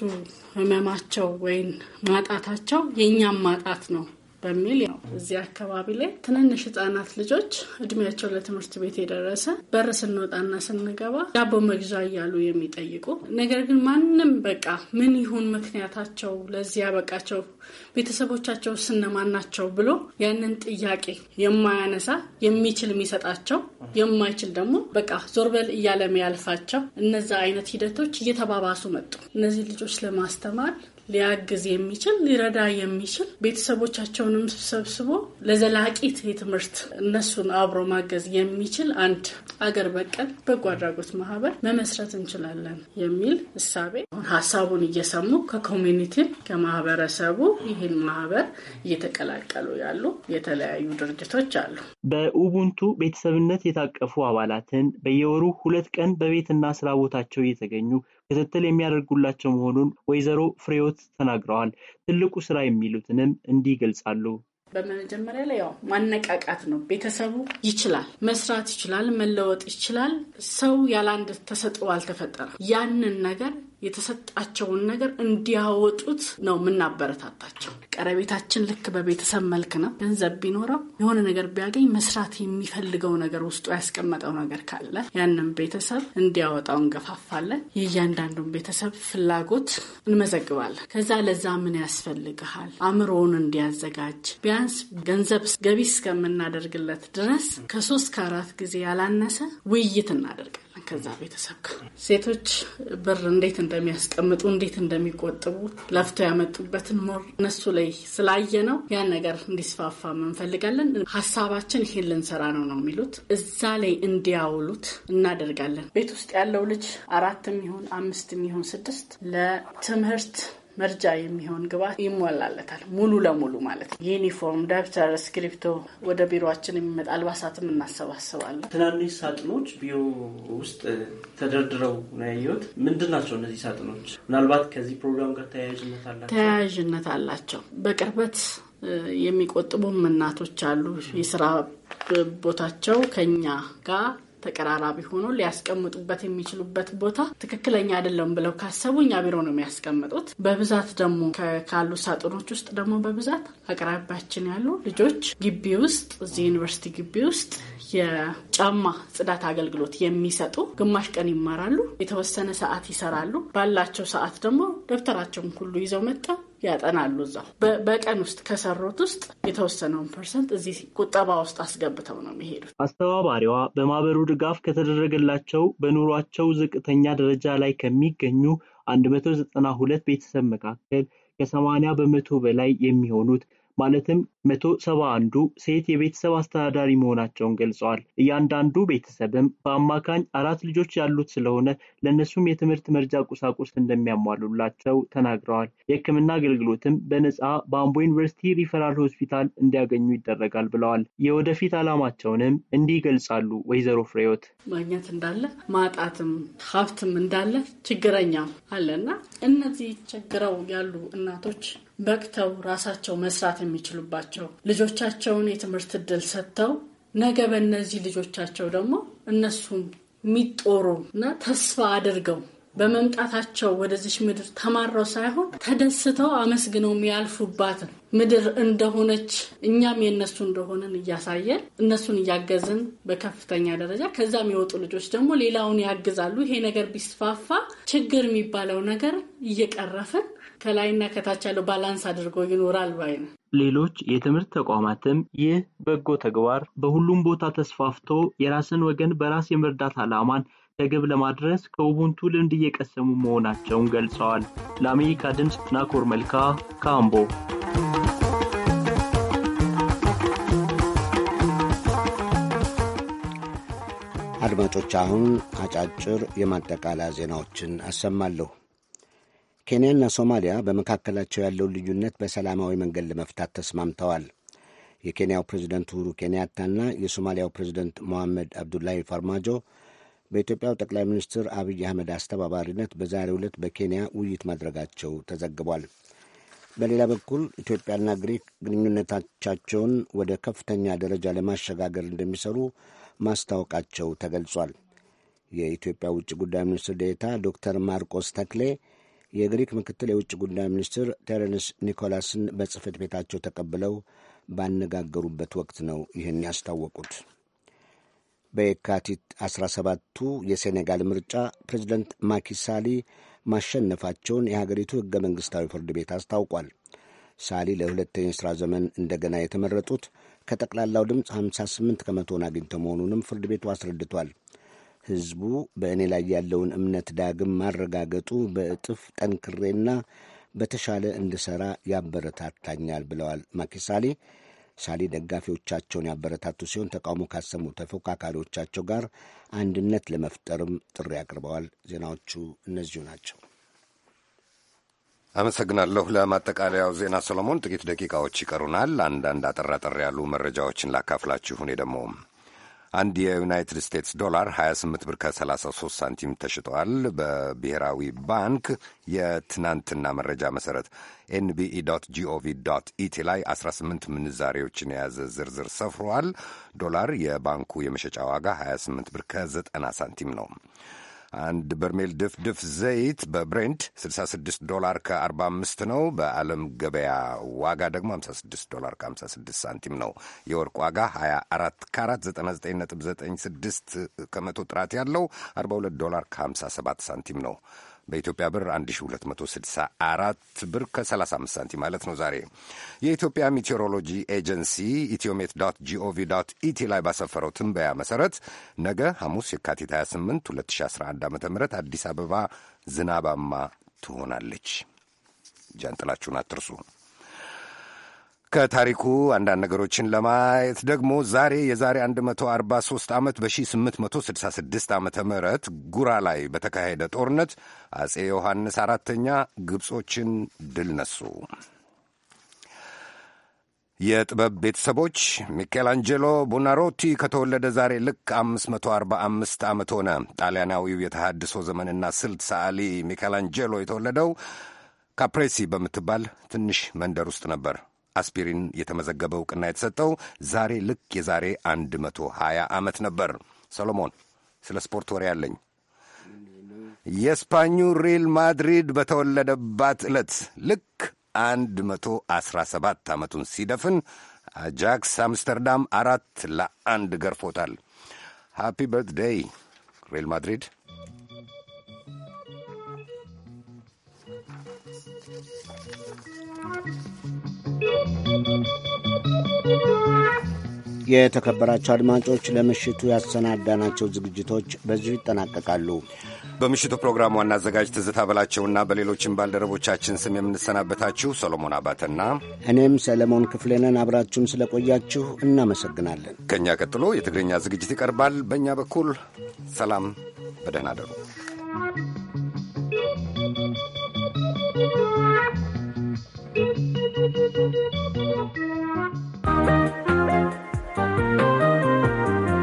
ህመማቸው ወይም ማጣታቸው የእኛም ማጣት ነው በሚል ያው እዚህ አካባቢ ላይ ትንንሽ ህጻናት ልጆች እድሜያቸው ለትምህርት ቤት የደረሰ በር ስንወጣና ስንገባ ዳቦ መግዣ እያሉ የሚጠይቁ ነገር ግን ማንም በቃ ምን ይሁን ምክንያታቸው ለዚህ ያበቃቸው ቤተሰቦቻቸው ስነማን ናቸው ብሎ ያንን ጥያቄ የማያነሳ የሚችል የሚሰጣቸው የማይችል ደግሞ በቃ ዞር በል እያለ ሚያልፋቸው እነዚ አይነት ሂደቶች እየተባባሱ መጡ። እነዚህ ልጆች ለማስተማር ሊያግዝ የሚችል ሊረዳ የሚችል ቤተሰቦቻቸውንም ሰብስቦ ለዘላቂ የትምህርት እነሱን አብሮ ማገዝ የሚችል አንድ አገር በቀል በጎ አድራጎት ማህበር መመስረት እንችላለን የሚል እሳቤ ሀሳቡን እየሰሙ ከኮሚኒቲ ከማህበረሰቡ ይህን ማህበር እየተቀላቀሉ ያሉ የተለያዩ ድርጅቶች አሉ። በኡቡንቱ ቤተሰብነት የታቀፉ አባላትን በየወሩ ሁለት ቀን በቤትና ስራ ቦታቸው እየተገኙ ክትትል የሚያደርጉላቸው መሆኑን ወይዘሮ ፍሬዎት ተናግረዋል። ትልቁ ስራ የሚሉትንም እንዲህ ይገልጻሉ። በመጀመሪያ ላይ ያው ማነቃቃት ነው። ቤተሰቡ ይችላል፣ መስራት ይችላል፣ መለወጥ ይችላል። ሰው ያለ አንድ ተሰጥኦ አልተፈጠረም። ያንን ነገር የተሰጣቸውን ነገር እንዲያወጡት ነው የምናበረታታቸው። ቀረቤታችን ልክ በቤተሰብ መልክ ነው። ገንዘብ ቢኖረው የሆነ ነገር ቢያገኝ መስራት የሚፈልገው ነገር ውስጡ ያስቀመጠው ነገር ካለ ያንን ቤተሰብ እንዲያወጣው እንገፋፋለን። የእያንዳንዱን ቤተሰብ ፍላጎት እንመዘግባለን። ከዛ ለዛ ምን ያስፈልግሃል፣ አእምሮውን እንዲያዘጋጅ ቢያንስ ገንዘብ ገቢ እስከምናደርግለት ድረስ ከሶስት ከአራት ጊዜ ያላነሰ ውይይት እናደርጋለን። ከዛ ቤተሰብ ሴቶች ብር እንዴት እንደሚያስቀምጡ እንዴት እንደሚቆጥቡ ለፍቶ ያመጡበትን ሞር እነሱ ላይ ስላየ ነው ያን ነገር እንዲስፋፋ እንፈልጋለን። ሀሳባችን ይሄን ልንሰራ ነው ነው የሚሉት እዛ ላይ እንዲያውሉት እናደርጋለን። ቤት ውስጥ ያለው ልጅ አራት የሚሆን አምስት የሚሆን ስድስት ለትምህርት መርጃ የሚሆን ግብዓት ይሟላለታል። ሙሉ ለሙሉ ማለት ነው። ዩኒፎርም፣ ደብተር፣ እስክሪፕቶ ወደ ቢሮችን የሚመጣ አልባሳትም እናሰባስባለን። ትናንሽ ሳጥኖች ቢሮ ውስጥ ተደርድረው ነው ያየሁት። ምንድን ናቸው እነዚህ ሳጥኖች? ምናልባት ከዚህ ፕሮግራም ጋር ተያያዥነት አላቸው? ተያያዥነት አላቸው። በቅርበት የሚቆጥቡም እናቶች አሉ። የስራ ቦታቸው ከኛ ጋር ተቀራራቢ ሆኖ ሊያስቀምጡበት የሚችሉበት ቦታ ትክክለኛ አይደለም ብለው ካሰቡ እኛ ቢሮ ነው የሚያስቀምጡት። በብዛት ደግሞ ካሉ ሳጥኖች ውስጥ ደግሞ በብዛት አቅራቢያችን ያሉ ልጆች ግቢ ውስጥ እዚህ ዩኒቨርሲቲ ግቢ ውስጥ የጫማ ጽዳት አገልግሎት የሚሰጡ ግማሽ ቀን ይማራሉ፣ የተወሰነ ሰዓት ይሰራሉ። ባላቸው ሰዓት ደግሞ ደብተራቸውን ሁሉ ይዘው መጥተው ያጠናሉ። እዛው በቀን ውስጥ ከሰሩት ውስጥ የተወሰነውን ፐርሰንት እዚህ ቁጠባ ውስጥ አስገብተው ነው የሚሄዱት። አስተባባሪዋ በማህበሩ ድጋፍ ከተደረገላቸው በኑሯቸው ዝቅተኛ ደረጃ ላይ ከሚገኙ 192 ቤተሰብ መካከል ከ80 በመቶ በላይ የሚሆኑት ማለትም መቶ ሰባ አንዱ ሴት የቤተሰብ አስተዳዳሪ መሆናቸውን ገልጸዋል። እያንዳንዱ ቤተሰብም በአማካኝ አራት ልጆች ያሉት ስለሆነ ለእነሱም የትምህርት መርጃ ቁሳቁስ እንደሚያሟሉላቸው ተናግረዋል። የሕክምና አገልግሎትም በነፃ በአምቦ ዩኒቨርሲቲ ሪፈራል ሆስፒታል እንዲያገኙ ይደረጋል ብለዋል። የወደፊት ዓላማቸውንም እንዲህ ይገልጻሉ ወይዘሮ ፍሬዮት ማግኘት እንዳለ ማጣትም ሀብትም እንዳለ ችግረኛ አለና እነዚህ ችግረው ያሉ እናቶች በቅተው ራሳቸው መስራት የሚችሉባቸው ልጆቻቸውን የትምህርት እድል ሰጥተው ነገ በእነዚህ ልጆቻቸው ደግሞ እነሱም የሚጦሩ እና ተስፋ አድርገው በመምጣታቸው ወደዚች ምድር ተማረው ሳይሆን ተደስተው አመስግነው የሚያልፉባትን ምድር እንደሆነች እኛም የእነሱ እንደሆነን እያሳየን እነሱን እያገዝን በከፍተኛ ደረጃ ከዛም የወጡ ልጆች ደግሞ ሌላውን ያግዛሉ። ይሄ ነገር ቢስፋፋ ችግር የሚባለው ነገር እየቀረፍን ከላይና ከታች ያለው ባላንስ አድርጎ ይኖራል ባይ ነው። ሌሎች የትምህርት ተቋማትም ይህ በጎ ተግባር በሁሉም ቦታ ተስፋፍቶ የራስን ወገን በራስ የመርዳት ዓላማን ለግብ ለማድረስ ከኡቡንቱ ልምድ እየቀሰሙ መሆናቸውን ገልጸዋል። ለአሜሪካ ድምፅ ናኮር መልካ ካምቦ። አድማጮች፣ አሁን አጫጭር የማጠቃለያ ዜናዎችን አሰማለሁ። ኬንያና ሶማሊያ በመካከላቸው ያለውን ልዩነት በሰላማዊ መንገድ ለመፍታት ተስማምተዋል። የኬንያው ፕሬዚደንት ኬንያታ ኬንያታና የሶማሊያው ፕሬዚደንት ሞሐመድ አብዱላሂ ፋርማጆ በኢትዮጵያው ጠቅላይ ሚኒስትር አብይ አህመድ አስተባባሪነት በዛሬው ዕለት በኬንያ ውይይት ማድረጋቸው ተዘግቧል። በሌላ በኩል ኢትዮጵያና ግሪክ ግንኙነቶቻቸውን ወደ ከፍተኛ ደረጃ ለማሸጋገር እንደሚሰሩ ማስታወቃቸው ተገልጿል። የኢትዮጵያ ውጭ ጉዳይ ሚኒስትር ዴኤታ ዶክተር ማርቆስ ተክሌ የግሪክ ምክትል የውጭ ጉዳይ ሚኒስትር ቴረንስ ኒኮላስን በጽህፈት ቤታቸው ተቀብለው ባነጋገሩበት ወቅት ነው ይህን ያስታወቁት። በየካቲት 17ቱ የሴኔጋል ምርጫ ፕሬዚደንት ማኪሳሊ ማሸነፋቸውን የሀገሪቱ ሕገ መንግሥታዊ ፍርድ ቤት አስታውቋል። ሳሊ ለሁለተኛ ሥራ ዘመን እንደገና የተመረጡት ከጠቅላላው ድምፅ 58 ከመቶን አግኝተው መሆኑንም ፍርድ ቤቱ አስረድቷል። ሕዝቡ በእኔ ላይ ያለውን እምነት ዳግም ማረጋገጡ በእጥፍ ጠንክሬና በተሻለ እንድሠራ ያበረታታኛል ብለዋል ማኪሳሌ። ሳሌ ደጋፊዎቻቸውን ያበረታቱ ሲሆን ተቃውሞ ካሰሙ ተፎካካሪዎቻቸው ጋር አንድነት ለመፍጠርም ጥሪ አቅርበዋል። ዜናዎቹ እነዚሁ ናቸው። አመሰግናለሁ። ለማጠቃለያው ዜና ሰሎሞን ጥቂት ደቂቃዎች ይቀሩናል። አንዳንድ አጠራጠር ያሉ መረጃዎችን ላካፍላችሁ እኔ ደግሞ አንድ የዩናይትድ ስቴትስ ዶላር 28 ብር ከ33 ሳንቲም ተሽጠዋል። በብሔራዊ ባንክ የትናንትና መረጃ መሰረት ኤንቢኢ ጂኦቪ ኢቲ ላይ 18 ምንዛሬዎችን የያዘ ዝርዝር ሰፍሯል። ዶላር የባንኩ የመሸጫ ዋጋ 28 ብር ከ90 ሳንቲም ነው። አንድ በርሜል ድፍድፍ ዘይት በብሬንድ 66 ዶላር ከ45 ነው። በዓለም ገበያ ዋጋ ደግሞ 56 ዶላር ከ56 ሳንቲም ነው። የወርቅ ዋጋ 24 ካራት 99.96 ከመቶ ጥራት ያለው 42 ዶላር ከ57 ሳንቲም ነው። በኢትዮጵያ ብር 1264 ብር ከ35 ሳንቲም ማለት ነው። ዛሬ የኢትዮጵያ ሜቴሮሎጂ ኤጀንሲ ኢትዮሜት ዶት ጂኦቪ ዶት ኢቲ ላይ ባሰፈረው ትንበያ መሰረት ነገ ሐሙስ የካቲት 28 2011 ዓ ም አዲስ አበባ ዝናባማ ትሆናለች። ጃንጥላችሁን አትርሱ። ከታሪኩ አንዳንድ ነገሮችን ለማየት ደግሞ ዛሬ የዛሬ 143 ዓመት በ1866 ዓ ም ጉራ ላይ በተካሄደ ጦርነት አጼ ዮሐንስ አራተኛ ግብጾችን ድል ነሱ። የጥበብ ቤተሰቦች ሚኬላንጀሎ ቡናሮቲ ከተወለደ ዛሬ ልክ 545 ዓመት ሆነ። ጣሊያናዊው የተሃድሶ ዘመንና ስልት ሰዓሊ ሚኬላንጀሎ የተወለደው ካፕሬሲ በምትባል ትንሽ መንደር ውስጥ ነበር። አስፒሪን የተመዘገበ እውቅና የተሰጠው ዛሬ ልክ የዛሬ 120 ዓመት ነበር። ሰሎሞን ስለ ስፖርት ወሬ ያለኝ የስፓኙ ሪል ማድሪድ በተወለደባት ዕለት ልክ 117 ዓመቱን ሲደፍን አጃክስ አምስተርዳም አራት ለአንድ ገርፎታል። ሃፒ በርትደይ ሪል ማድሪድ። Thank you. የተከበራቸው አድማጮች ለምሽቱ ያሰናዳናቸው ዝግጅቶች በዚሁ ይጠናቀቃሉ። በምሽቱ ፕሮግራም ዋና አዘጋጅ ትዝታ በላቸውና በሌሎችም ባልደረቦቻችን ስም የምንሰናበታችሁ ሰሎሞን አባተና እኔም ሰለሞን ክፍሌነን አብራችሁን ስለቆያችሁ እናመሰግናለን። ከእኛ ቀጥሎ የትግርኛ ዝግጅት ይቀርባል። በእኛ በኩል ሰላም፣ በደህና አደሩ። Thank you.